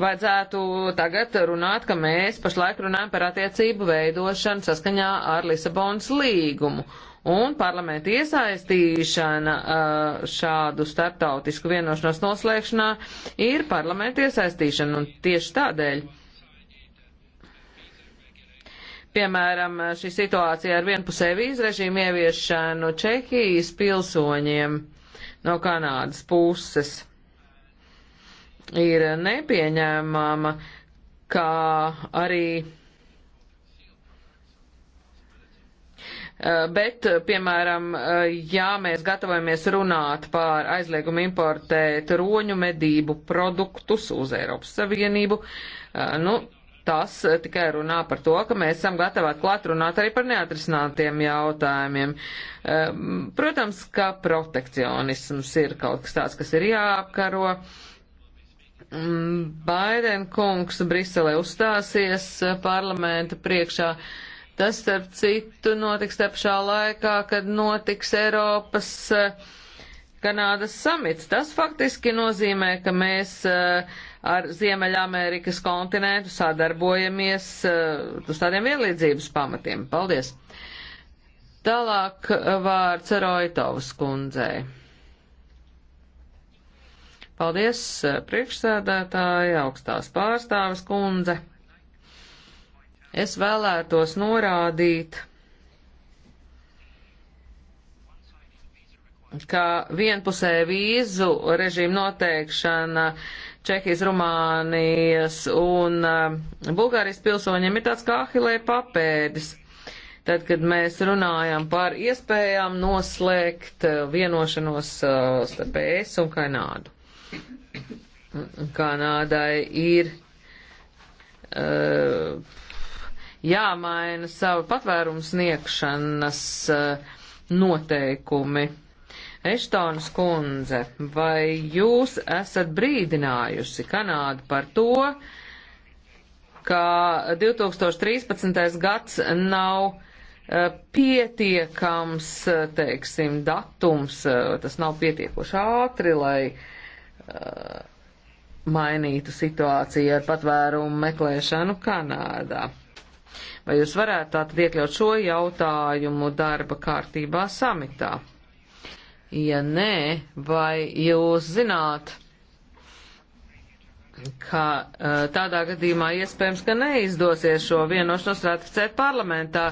vajadzētu tagad runāt, ka mēs pašlaik runājam par attiecību veidošanu saskaņā ar Lisabonas līgumu. Un parlamenta iesaistīšana uh, šādu starptautisku vienošanos noslēgšanā ir parlamenta iesaistīšana, un tieši tādēļ piemēram, šī situācija ar vienpusēju vīzu režīmu ieviešanu Čehijas pilsoņiem no Kanādas puses ir nepieņēmama, kā arī Eh, bet, eh, piemēram, eh, ja mēs gatavojamies runāt par aizliegumu importēt roņu medību produktus uz Eiropas Savienību, nu, tas tikai runā par to, ka mēs esam gatavi atklāt runāt arī par neatrisinātiem jautājumiem. Protams, ka protekcionisms ir kaut kas tāds, kas ir jāapkaro. Mm, Baiden kungs Briselē uzstāsies parlamenta priekšā. Uh, Tas, starp citu, notiks te pašā laikā, kad notiks Eiropas eh, Kanādas samits. Tas faktiski nozīmē, ka mēs eh, ar Ziemeļamerikas kontinentu sadarbojamies eh, uz tādiem vienlīdzības pamatiem. Paldies! Tālāk vārds Roitovas kundzei. Paldies, priekšsēdētāja, augstās pārstāvis kundze es vēlētos norādīt, ka vienpusē vīzu režīmu noteikšana Čehijas, Rumānijas un eh, Bulgārijas pilsoņiem ir tāds kā ahilē papēdis. Tad, kad mēs runājam par iespējām noslēgt eh, vienošanos eh, starp ES un Kanādu. Kanādai ir uh, jāmaina savu patvērumu sniegšanas eh, noteikumi. Eštonas kundze, vai jūs esat brīdinājusi Kanādu par to, ka 2013. gads nav eh, pietiekams, eh, teiksim, datums, tas nav pietiekoši ātri, lai uh, mainītu situāciju ar patvērumu meklēšanu Kanādā. Vai jūs varētu tātad iekļaut šo jautājumu darba kārtībā samitā? Ja nē, vai jūs zināt, ka e, tādā gadījumā iespējams, ka neizdosies šo vienošanos ratificēt parlamentā,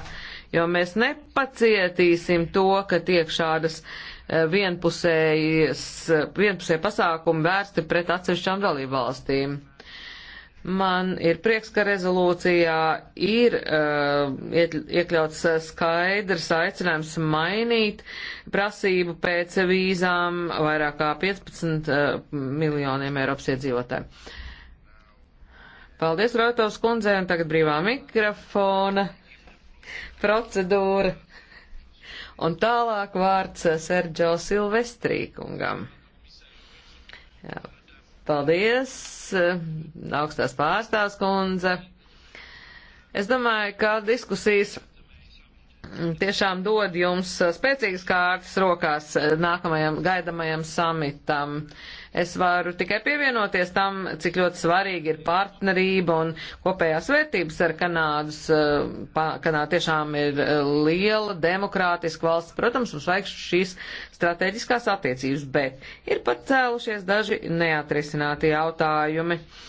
jo mēs nepacietīsim to, ka tiek šādas e, vienpusējas, e, vienpusēja pasākumi vērsti pret atsevišķām dalībvalstīm. Man ir prieks, ka rezolūcijā ir uh, iekļauts eh, skaidrs aicinājums mainīt prasību pēc vīzām vairāk kā 15 uh, eh, miljoniem Eiropas iedzīvotāju. Paldies, Rautovs kundze, un tagad brīvā mikrofona procedūra. Un tālāk vārds Sergio Silvestrī kungam. Jā. Paldies! augstās pārstāvs kundze. Es domāju, ka diskusijas tiešām dod jums uh, spēcīgas kārtas rokās uh, nākamajam gaidamajam samitam. Es varu tikai pievienoties tam, cik ļoti svarīgi ir partnerība un kopējās vērtības ar Kanādas. Uh, Kanāda tiešām ir liela demokrātiska valsts. Protams, mums vajag šīs strateģiskās attiecības, bet ir pat cēlušies daži neatrisināti jautājumi. Uh,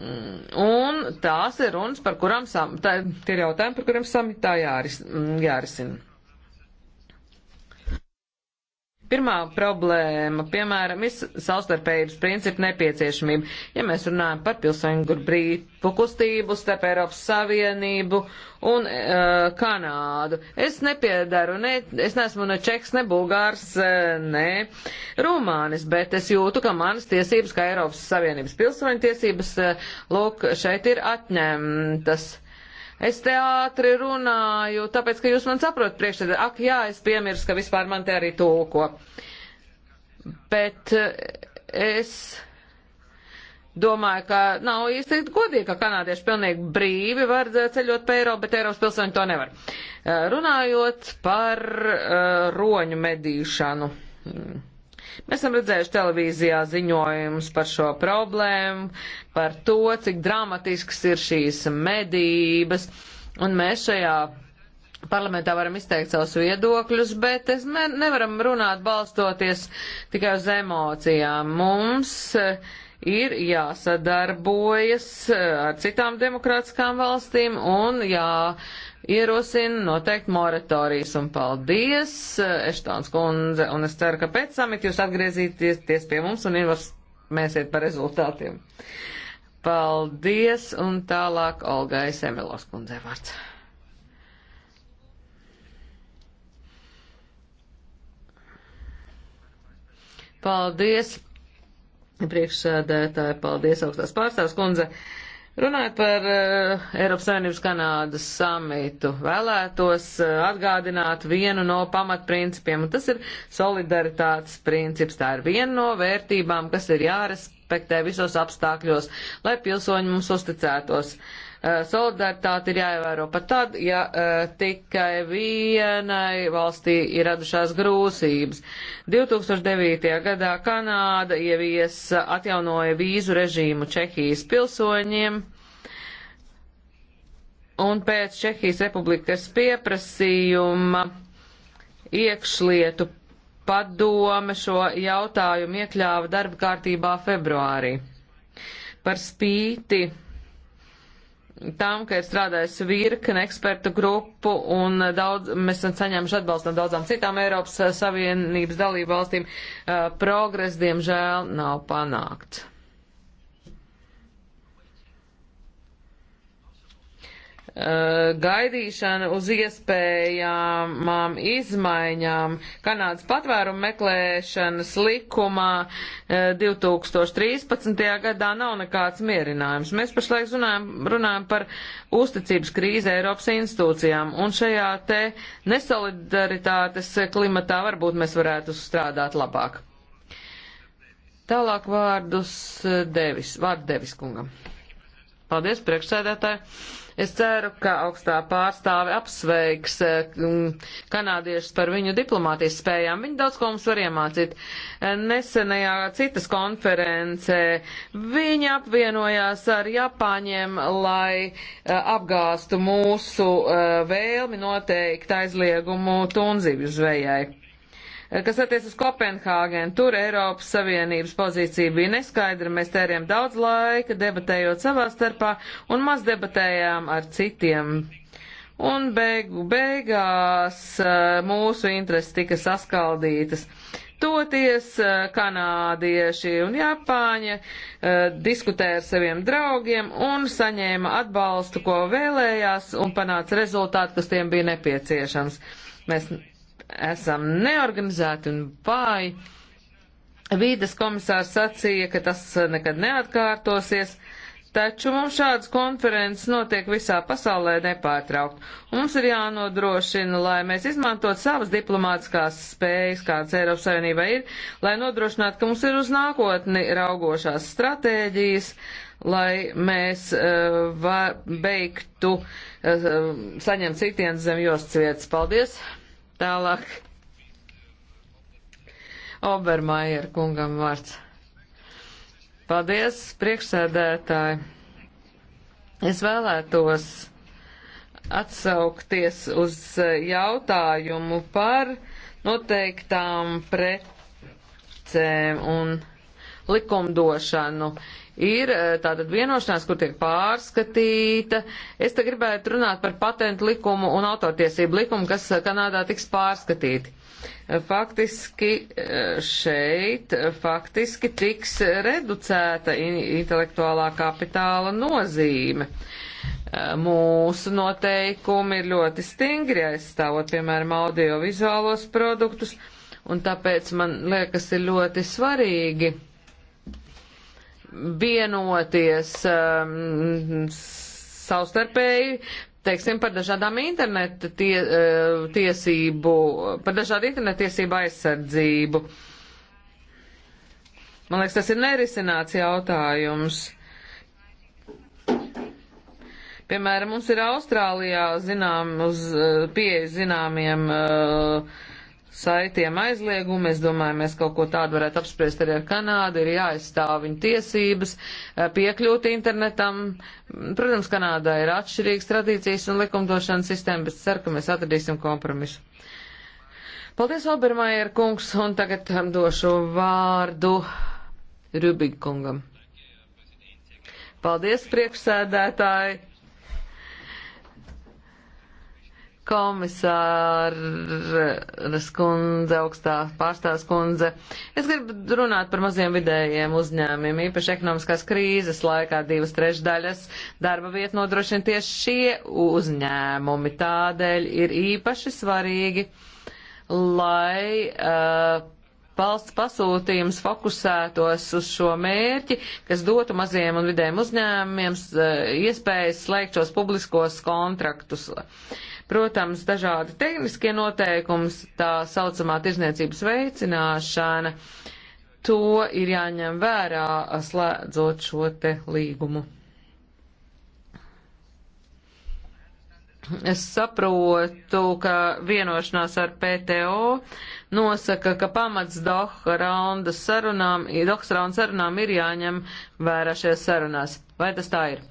Mm. Un tās ir runas, par kurām, sam, tā, tie ir jautājumi, par kuriem samitā jāris, jārisina. Pirmā problēma, piemēram, ir savstarpējības principu nepieciešamība. Ja mēs runājam par pilsoņu brīvu kustību starp Eiropas Savienību un uh, Kanādu, es nepiedaru, ne, es neesmu ne čeks, ne bulgārs, e, ne rumānis, bet es jūtu, ka manas tiesības, kā Eiropas Savienības pilsoņu tiesības, e, lūk, šeit ir atņemtas. Es te ātri runāju, tāpēc, ka jūs man saprotat priekšsēdē. Ak, jā, es piemirstu, ka vispār man te arī tūko. Bet eh, es domāju, ka nav īsti godīgi, ka kanādieši pilnīgi brīvi var eh, ceļot pa Eiropu, bet Eiropas pilsoņi to nevar. Eh, runājot par uh, roņu medīšanu. Mm Mēs esam redzējuši televīzijā ziņojumus par šo problēmu, par to, cik dramatisks ir šīs medības, un mēs šajā parlamentā varam izteikt savus viedokļus, bet es ne, nevaram runāt balstoties tikai uz emocijām. Mums eh, ir jāsadarbojas eh, ar citām demokrātiskām valstīm un jā ierosina noteikt moratorijas un paldies, eh, Eštāns kundze, un es ceru, ka pēc samit jūs atgriezīties pie mums un informēsiet par rezultātiem. Paldies, un tālāk Olgai Semelos kundze vārds. Paldies, priekšsēdētāji, paldies augstās pārstāvs kundze. Uh, Runājot par uh, Eiropas Savienības Kanādas samitu, vēlētos uh, atgādināt vienu no pamatprincipiem, un tas ir solidaritātes princips. Tā ir viena no vērtībām, kas ir jārespektē visos apstākļos, lai pilsoņi mums uzticētos. Uh, Eh, Solidaritāte ir jāievēro pat tad, ja eh, tikai vienai valstī ir radušās grūsības. 2009. gadā Kanāda ieviesa eh, atjaunoja vīzu režīmu Čehijas pilsoņiem. Un pēc Čehijas republikas pieprasījuma iekšlietu padome šo jautājumu iekļāva darba kārtībā februārī. Par spīti tam, ka ir strādājusi virkne ekspertu grupu un daudz, mēs esam saņēmuši atbalstu no daudzām citām Eiropas Savienības dalību valstīm. Progress, diemžēl, nav panākts. Eh, gaidīšana uz iespējamām izmaiņām Kanādas patvērumu meklēšanas likumā 2013. Eh, gadā nav nekāds mierinājums. Mēs pašlaik runājam, runājam par uzticības krīzi Eiropas institūcijām, un šajā te nesolidaritātes klimatā varbūt mēs varētu strādāt labāk. Tālāk vārdus eh, Devis, vārdu Devis kungam. Paldies, priekšsēdētāji. Es ceru, ka augstā pārstāve apsveiks eh, kanādiešus par viņu diplomātijas spējām. Viņi daudz ko mums var iemācīt. Eh, Nesenajā citas konferencē viņi apvienojās ar Japāņiem, lai eh, apgāstu mūsu vēlmi noteikt aizliegumu tunzivju zvejai. Kas attiec uz Kopenhāgenu, tur Eiropas Savienības pozīcija bija neskaidra, mēs tērējām daudz laika, debatējot savā starpā un maz debatējām ar citiem. Un beigu beigās eh, mūsu intereses tika saskaldītas. Toties eh, kanādieši un Japāņi eh, diskutēja ar saviem draugiem un saņēma atbalstu, ko vēlējās, un panāca rezultātu, kas tiem bija nepieciešams. Mēs esam neorganizēti un vāji. Vīdes komisārs sacīja, ka tas nekad neatkārtosies, taču mums šādas konferences notiek visā pasaulē nepārtraukt, un mums ir jānodrošina, lai mēs izmantot savas diplomātiskās spējas, kādas Eiropas Savienībā ir, lai nodrošinātu, ka mums ir uz nākotni raugošās stratēģijas, lai mēs uh, beigtu uh, saņemt sitienas zem jostas vietas. Paldies! Tālāk. Obermajer kungam vārds. Paldies, priekšsēdētāji. Es vēlētos atsaukties uz jautājumu par noteiktām precēm un likumdošanu. Ir eh, tātad vienošanās, kur tiek pārskatīta. Es te gribētu runāt par patentu likumu un autortiesību likumu, kas eh, Kanādā tiks pārskatīti. Eh, faktiski šeit faktiski tiks reducēta intelektuālā kapitāla nozīme. Mūsu noteikumi ir ļoti stingri aizstāvot, piemēram, audiovizuālos produktus, un tāpēc man liekas ir ļoti svarīgi vienoties um, savstarpēji, teiksim, par dažādām interneta tie, uh, tiesību, par dažādu interneta tiesību aizsardzību. Man liekas, tas ir nerisināts jautājums. Piemēram, mums ir Austrālijā zinām uz uh, pieeja zināmiem uh, saitiem aizliegumu. Es domāju, mēs kaut ko tādu varētu apspriest arī ar Kanādu. Ir jāaizstāv viņu tiesības eh, piekļūt internetam. Protams, Kanādā ir atšķirīgas tradīcijas un likumdošanas sistēma, bet ceru, ka mēs atradīsim kompromisu. Paldies, Obermajer kungs, un tagad um, došu vārdu Rubik kungam. Paldies, priekšsēdētāji! komisāras kundze, augstā pārstāvs kundze. Es gribu runāt par maziem vidējiem uzņēmumiem. Īpaši ekonomiskās krīzes laikā divas trešdaļas darba vietu nodrošina tieši šie uzņēmumi. Tādēļ ir īpaši svarīgi, lai uh, valsts pasūtījums fokusētos uz šo mērķi, kas dotu maziem un vidējiem uzņēmumiem uh, iespējas slēgt šos publiskos kontraktus. Uh, Protams, dažādi tehniskie noteikums, tā saucamā tirzniecības veicināšana, to ir jāņem vērā, slēdzot šo te līgumu. Es saprotu, ka vienošanās ar PTO nosaka, ka pamats Doha raunda sarunām, Doha raunda sarunām ir jāņem vērā šajās sarunās. Vai tas tā ir?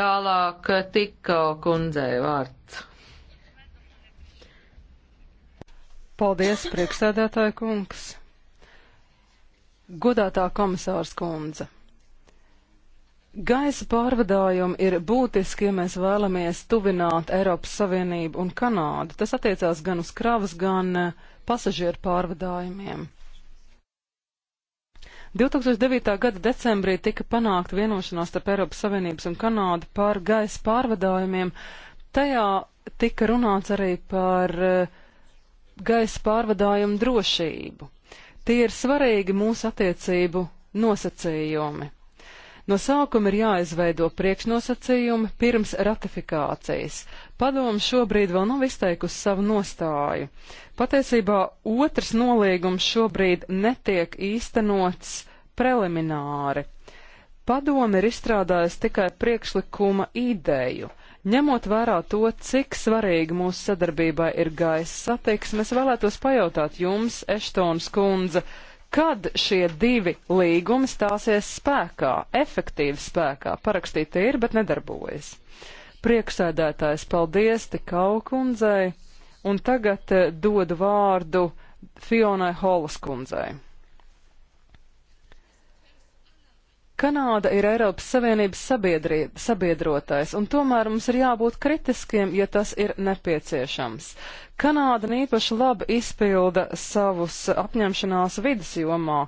Tālāk tika kundzei vārds. Paldies, priekšsēdētāja kungs. Godātā komisārs kundze. Gaisa pārvadājumi ir būtiski, ja mēs vēlamies tuvināt Eiropas Savienību un Kanādu. Tas attiecās gan uz kravas, gan eh, pasažieru pārvadājumiem. 2009. gada decembrī tika panākta vienošanās starp Eiropas Savienības un Kanādu par gaisa pārvadājumiem. Tajā tika runāts arī par uh, gaisa pārvadājumu drošību. Tie ir svarīgi mūsu attiecību nosacījumi. No sākuma ir jāizveido priekšnosacījumi pirms ratifikācijas. Padomu šobrīd vēl nav izteikusi savu nostāju. Patiesībā otrs nolīgums šobrīd netiek īstenots prelimināri. Padome ir izstrādājusi tikai priekšlikuma ideju. Ņemot vērā to, cik svarīga mūsu sadarbībai ir gaisa satiksme, es vēlētos pajautāt jums, Eštons kundze, kad šie divi līgumi stāsies spēkā, efektīvi spēkā, parakstīti ir, bet nedarbojas. Prieksēdētājs paldies Tikau kundzei, un tagad eh, dodu vārdu Fionai Holas kundzei. Kanāda ir Eiropas Savienības sabiedrotais, un tomēr mums ir jābūt kritiskiem, ja tas ir nepieciešams. Kanāda īpaši labi izpilda savus apņemšanās vidas jomā,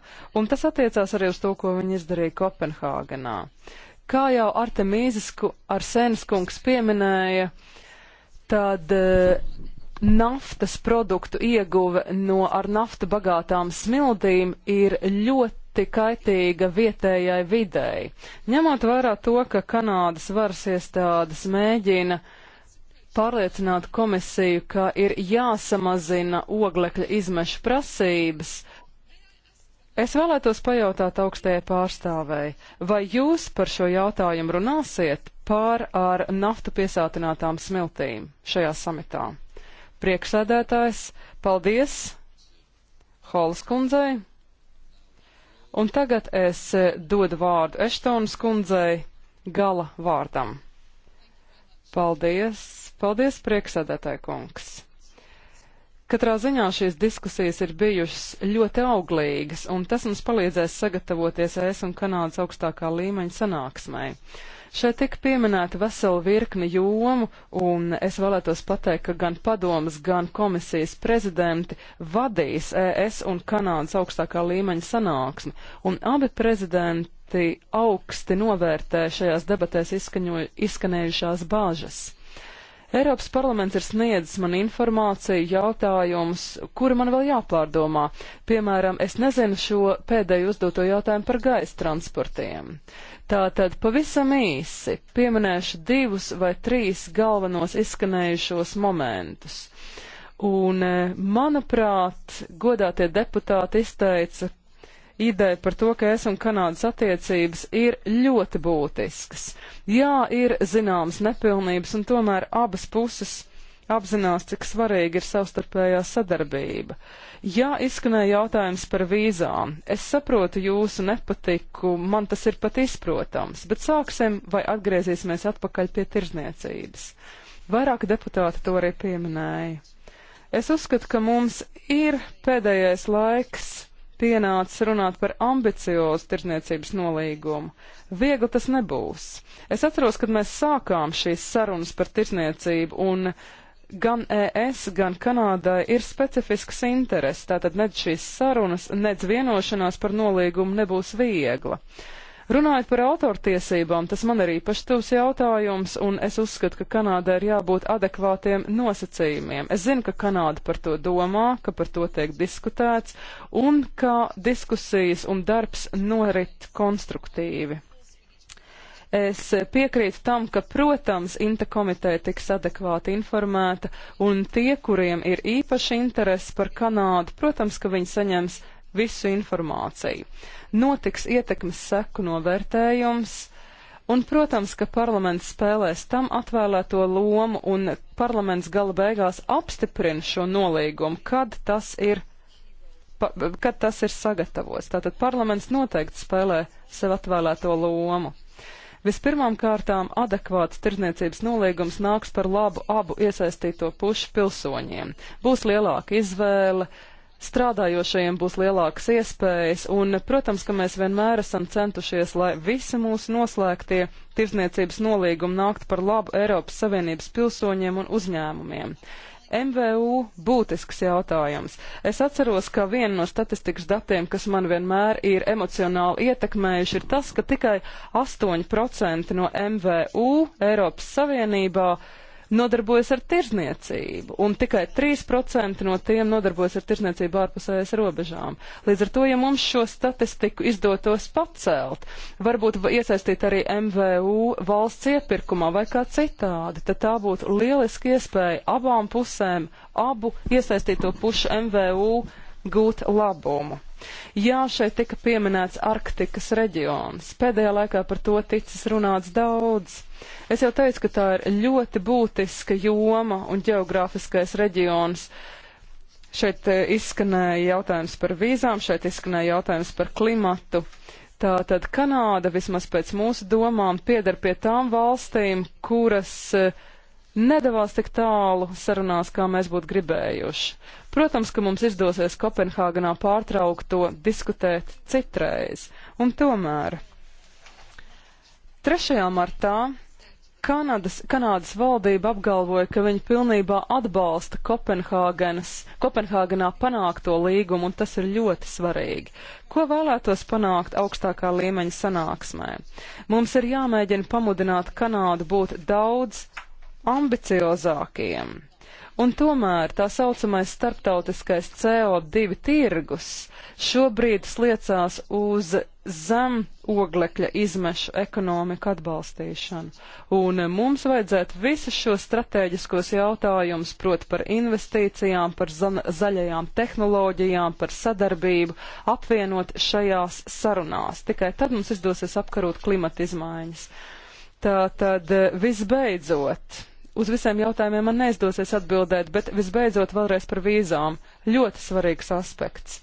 un tas attiecās arī uz to, ko viņi izdarīja Kopenhāgenā. Kā jau Artemīzes ar Sēneskungs pieminēja, tad eh, naftas produktu ieguve no ar naftu bagātām smildīm ir ļoti ļoti kaitīga vietējai videi. Ņemot vērā to, ka Kanādas varas iestādes mēģina pārliecināt komisiju, ka ir jāsamazina oglekļa izmeša prasības, Es vēlētos pajautāt augstajai pārstāvēji, vai jūs par šo jautājumu runāsiet pār ar naftu piesātinātām smiltīm šajā samitā? Priekšsēdētājs, paldies Holas kundzei! Un tagad es eh, dodu vārdu Eštonas kundzei gala vārdam. Paldies, paldies prieksēdētāji kungs. Katrā ziņā šīs diskusijas ir bijušas ļoti auglīgas, un tas mums palīdzēs sagatavoties ES un Kanādas augstākā līmeņa sanāksmai. Šeit tika pieminēta vesela virkne jomu, un es vēlētos pateikt, ka gan padomas, gan komisijas prezidenti vadīs ES un Kanādas augstākā līmeņa sanāksmi, un abi prezidenti augsti novērtē šajās debatēs izskaņo, izskanējušās bāžas. Eiropas parlaments ir sniedzis man informāciju, jautājumus, kuri man vēl jāpārdomā. Piemēram, es nezinu šo pēdējo uzdoto jautājumu par gaisa transportiem. Tātad pavisam īsi pieminēšu divus vai trīs galvenos izskanējušos momentus. Un, eh, manuprāt, godātie deputāti izteica ideja par to, ka es un Kanādas attiecības ir ļoti būtiskas. Jā, ir zināmas nepilnības, un tomēr abas puses apzinās, cik svarīga ir savstarpējā sadarbība. Jā, izskanēja jautājums par vīzām. Es saprotu jūsu nepatiku, man tas ir pat izprotams, bet sāksim vai atgriezīsimies atpakaļ pie tirzniecības. Vairāki deputāti to arī pieminēja. Es uzskatu, ka mums ir pēdējais laiks pienācis runāt par ambiciozu tirzniecības nolīgumu. Viegli tas nebūs. Es atceros, kad mēs sākām šīs sarunas par tirzniecību, un gan ES, gan Kanādai ir specifisks interesi, tātad nec šīs sarunas, nec vienošanās par nolīgumu nebūs viegla. Uh, Runājot par autortiesībām, tas man ir īpaši tuvs jautājums, un es uzskatu, ka Kanādā ir jābūt adekvātiem nosacījumiem. Es zinu, ka Kanāda par to domā, ka par to tiek diskutēts, un ka diskusijas un darbs norit konstruktīvi. Es piekrītu tam, ka, protams, Inta komiteja tiks adekvāti informēta, un tie, kuriem ir īpaši interesi par Kanādu, protams, ka viņi saņems visu informāciju. Notiks ietekmes seku novērtējums. Un, protams, ka parlaments spēlēs tam atvēlēto lomu, un parlaments gala beigās apstiprina šo nolīgumu, kad tas ir, pa, kad tas ir sagatavots. Tātad parlaments noteikti spēlē sev atvēlēto lomu. Vispirmām kārtām adekvāts tirdzniecības nolīgums nāks par labu abu iesaistīto pušu pilsoņiem. Būs lielāka izvēle, uh, strādājošajiem būs lielākas iespējas, un, protams, ka mēs vienmēr esam centušies, lai visi mūsu noslēgtie tirzniecības nolīgumi nākt par labu Eiropas Savienības pilsoņiem un uzņēmumiem. MVU būtisks jautājums. Es atceros, ka viena no statistikas datiem, kas man vienmēr ir emocionāli ietekmējuši, ir tas, ka tikai 8% no MVU Eiropas Savienībā uh, nodarbojas ar tirzniecību, un tikai 3% no tiem nodarbojas ar tirzniecību ārpusējas robežām. Līdz ar to, ja mums šo statistiku izdotos pacelt, varbūt iesaistīt arī MVU valsts iepirkumā vai kā citādi, tad tā būtu lieliski iespēja abām pusēm, abu iesaistīto pušu MVU gūt labumu. Jā, šeit tika pieminēts Arktikas reģions. Pēdējā laikā par to ticis runāts daudz. Es jau teicu, ka tā ir ļoti būtiska joma un geogrāfiskais reģions. Šeit eh, izskanēja jautājums par vīzām, šeit izskanēja jautājums par klimatu. Tātad Kanāda vismaz pēc mūsu domām pieder pie tām valstīm, kuras uh, nedavās tik tālu sarunās, kā mēs būtu gribējuši. Protams, ka mums izdosies Kopenhāganā pārtraukt to diskutēt citreiz, un tomēr 3. martā Kanādas, Kanādas valdība apgalvoja, ka viņi pilnībā atbalsta Kopenhāgenā panākto līgumu, un tas ir ļoti svarīgi. Ko vēlētos panākt augstākā līmeņa sanāksmē? Mums ir jāmēģina pamudināt Kanādu būt daudz ambiciozākiem. Un tomēr tā saucamais starptautiskais CO2 tirgus šobrīd sliecās uz zem oglekļa izmešu ekonomiku atbalstīšanu. Un e, mums vajadzētu visus šos strateģiskos jautājumus, proti par investīcijām, par zaļajām tehnoloģijām, par sadarbību, apvienot šajās sarunās. Tikai tad mums izdosies apkarot klimata izmaiņas. Tā tad e, visbeidzot Uz visiem jautājumiem man neizdosies atbildēt, bet visbeidzot vēlreiz par vīzām. Ļoti svarīgs aspekts.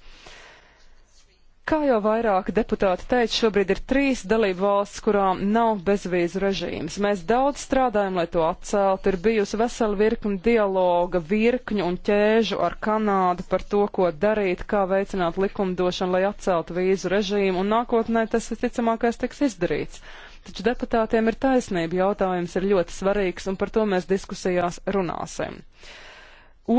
Kā jau vairāk deputāti teica, šobrīd ir trīs dalību valsts, kurām nav bezvīzu režīms. Mēs daudz strādājam, lai to atceltu. Ir bijusi vesela virkni dialoga, virkņu un ķēžu ar Kanādu par to, ko darīt, kā veicināt likumdošanu, lai atceltu vīzu režīmu, un nākotnē tas visticamākais tiks izdarīts. Taču deputātiem ir taisnība, jautājums ir ļoti svarīgs, un par to mēs diskusijās runāsim.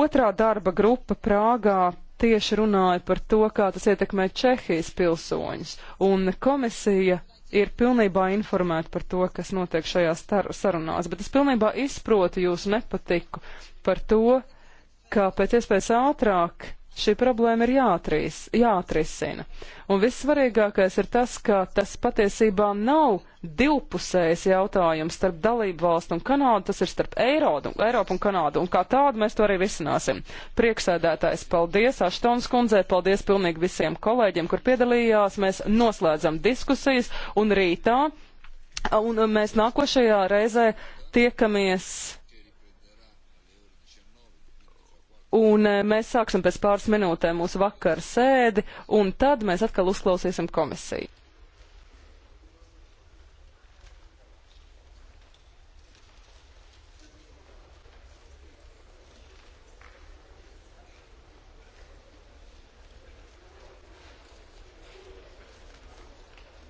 Otrā darba grupa Prāgā tieši runāja par to, kā tas ietekmē Čehijas pilsoņus, un komisija ir pilnībā informēta par to, kas notiek šajās sarunās, bet es pilnībā izprotu jūsu nepatiku par to, ka pēc iespējas ātrāk Šī problēma ir jāatris, jāatrisina. Un vissvarīgākais ir tas, ka tas patiesībā nav divpusējs jautājums starp dalību valstu un Kanādu, tas ir starp Eirodu, Eiropu un Kanādu, un kā tādu mēs to arī risināsim. Prieksēdētājs, paldies Aštons kundzei, paldies pilnīgi visiem kolēģiem, kur piedalījās, mēs noslēdzam diskusijas, un rītā, un mēs nākošajā reizē tiekamies Un eh, mēs sāksim pēc pāris minūtēm mūsu vakara sēdi, un tad mēs atkal uzklausīsim komisiju.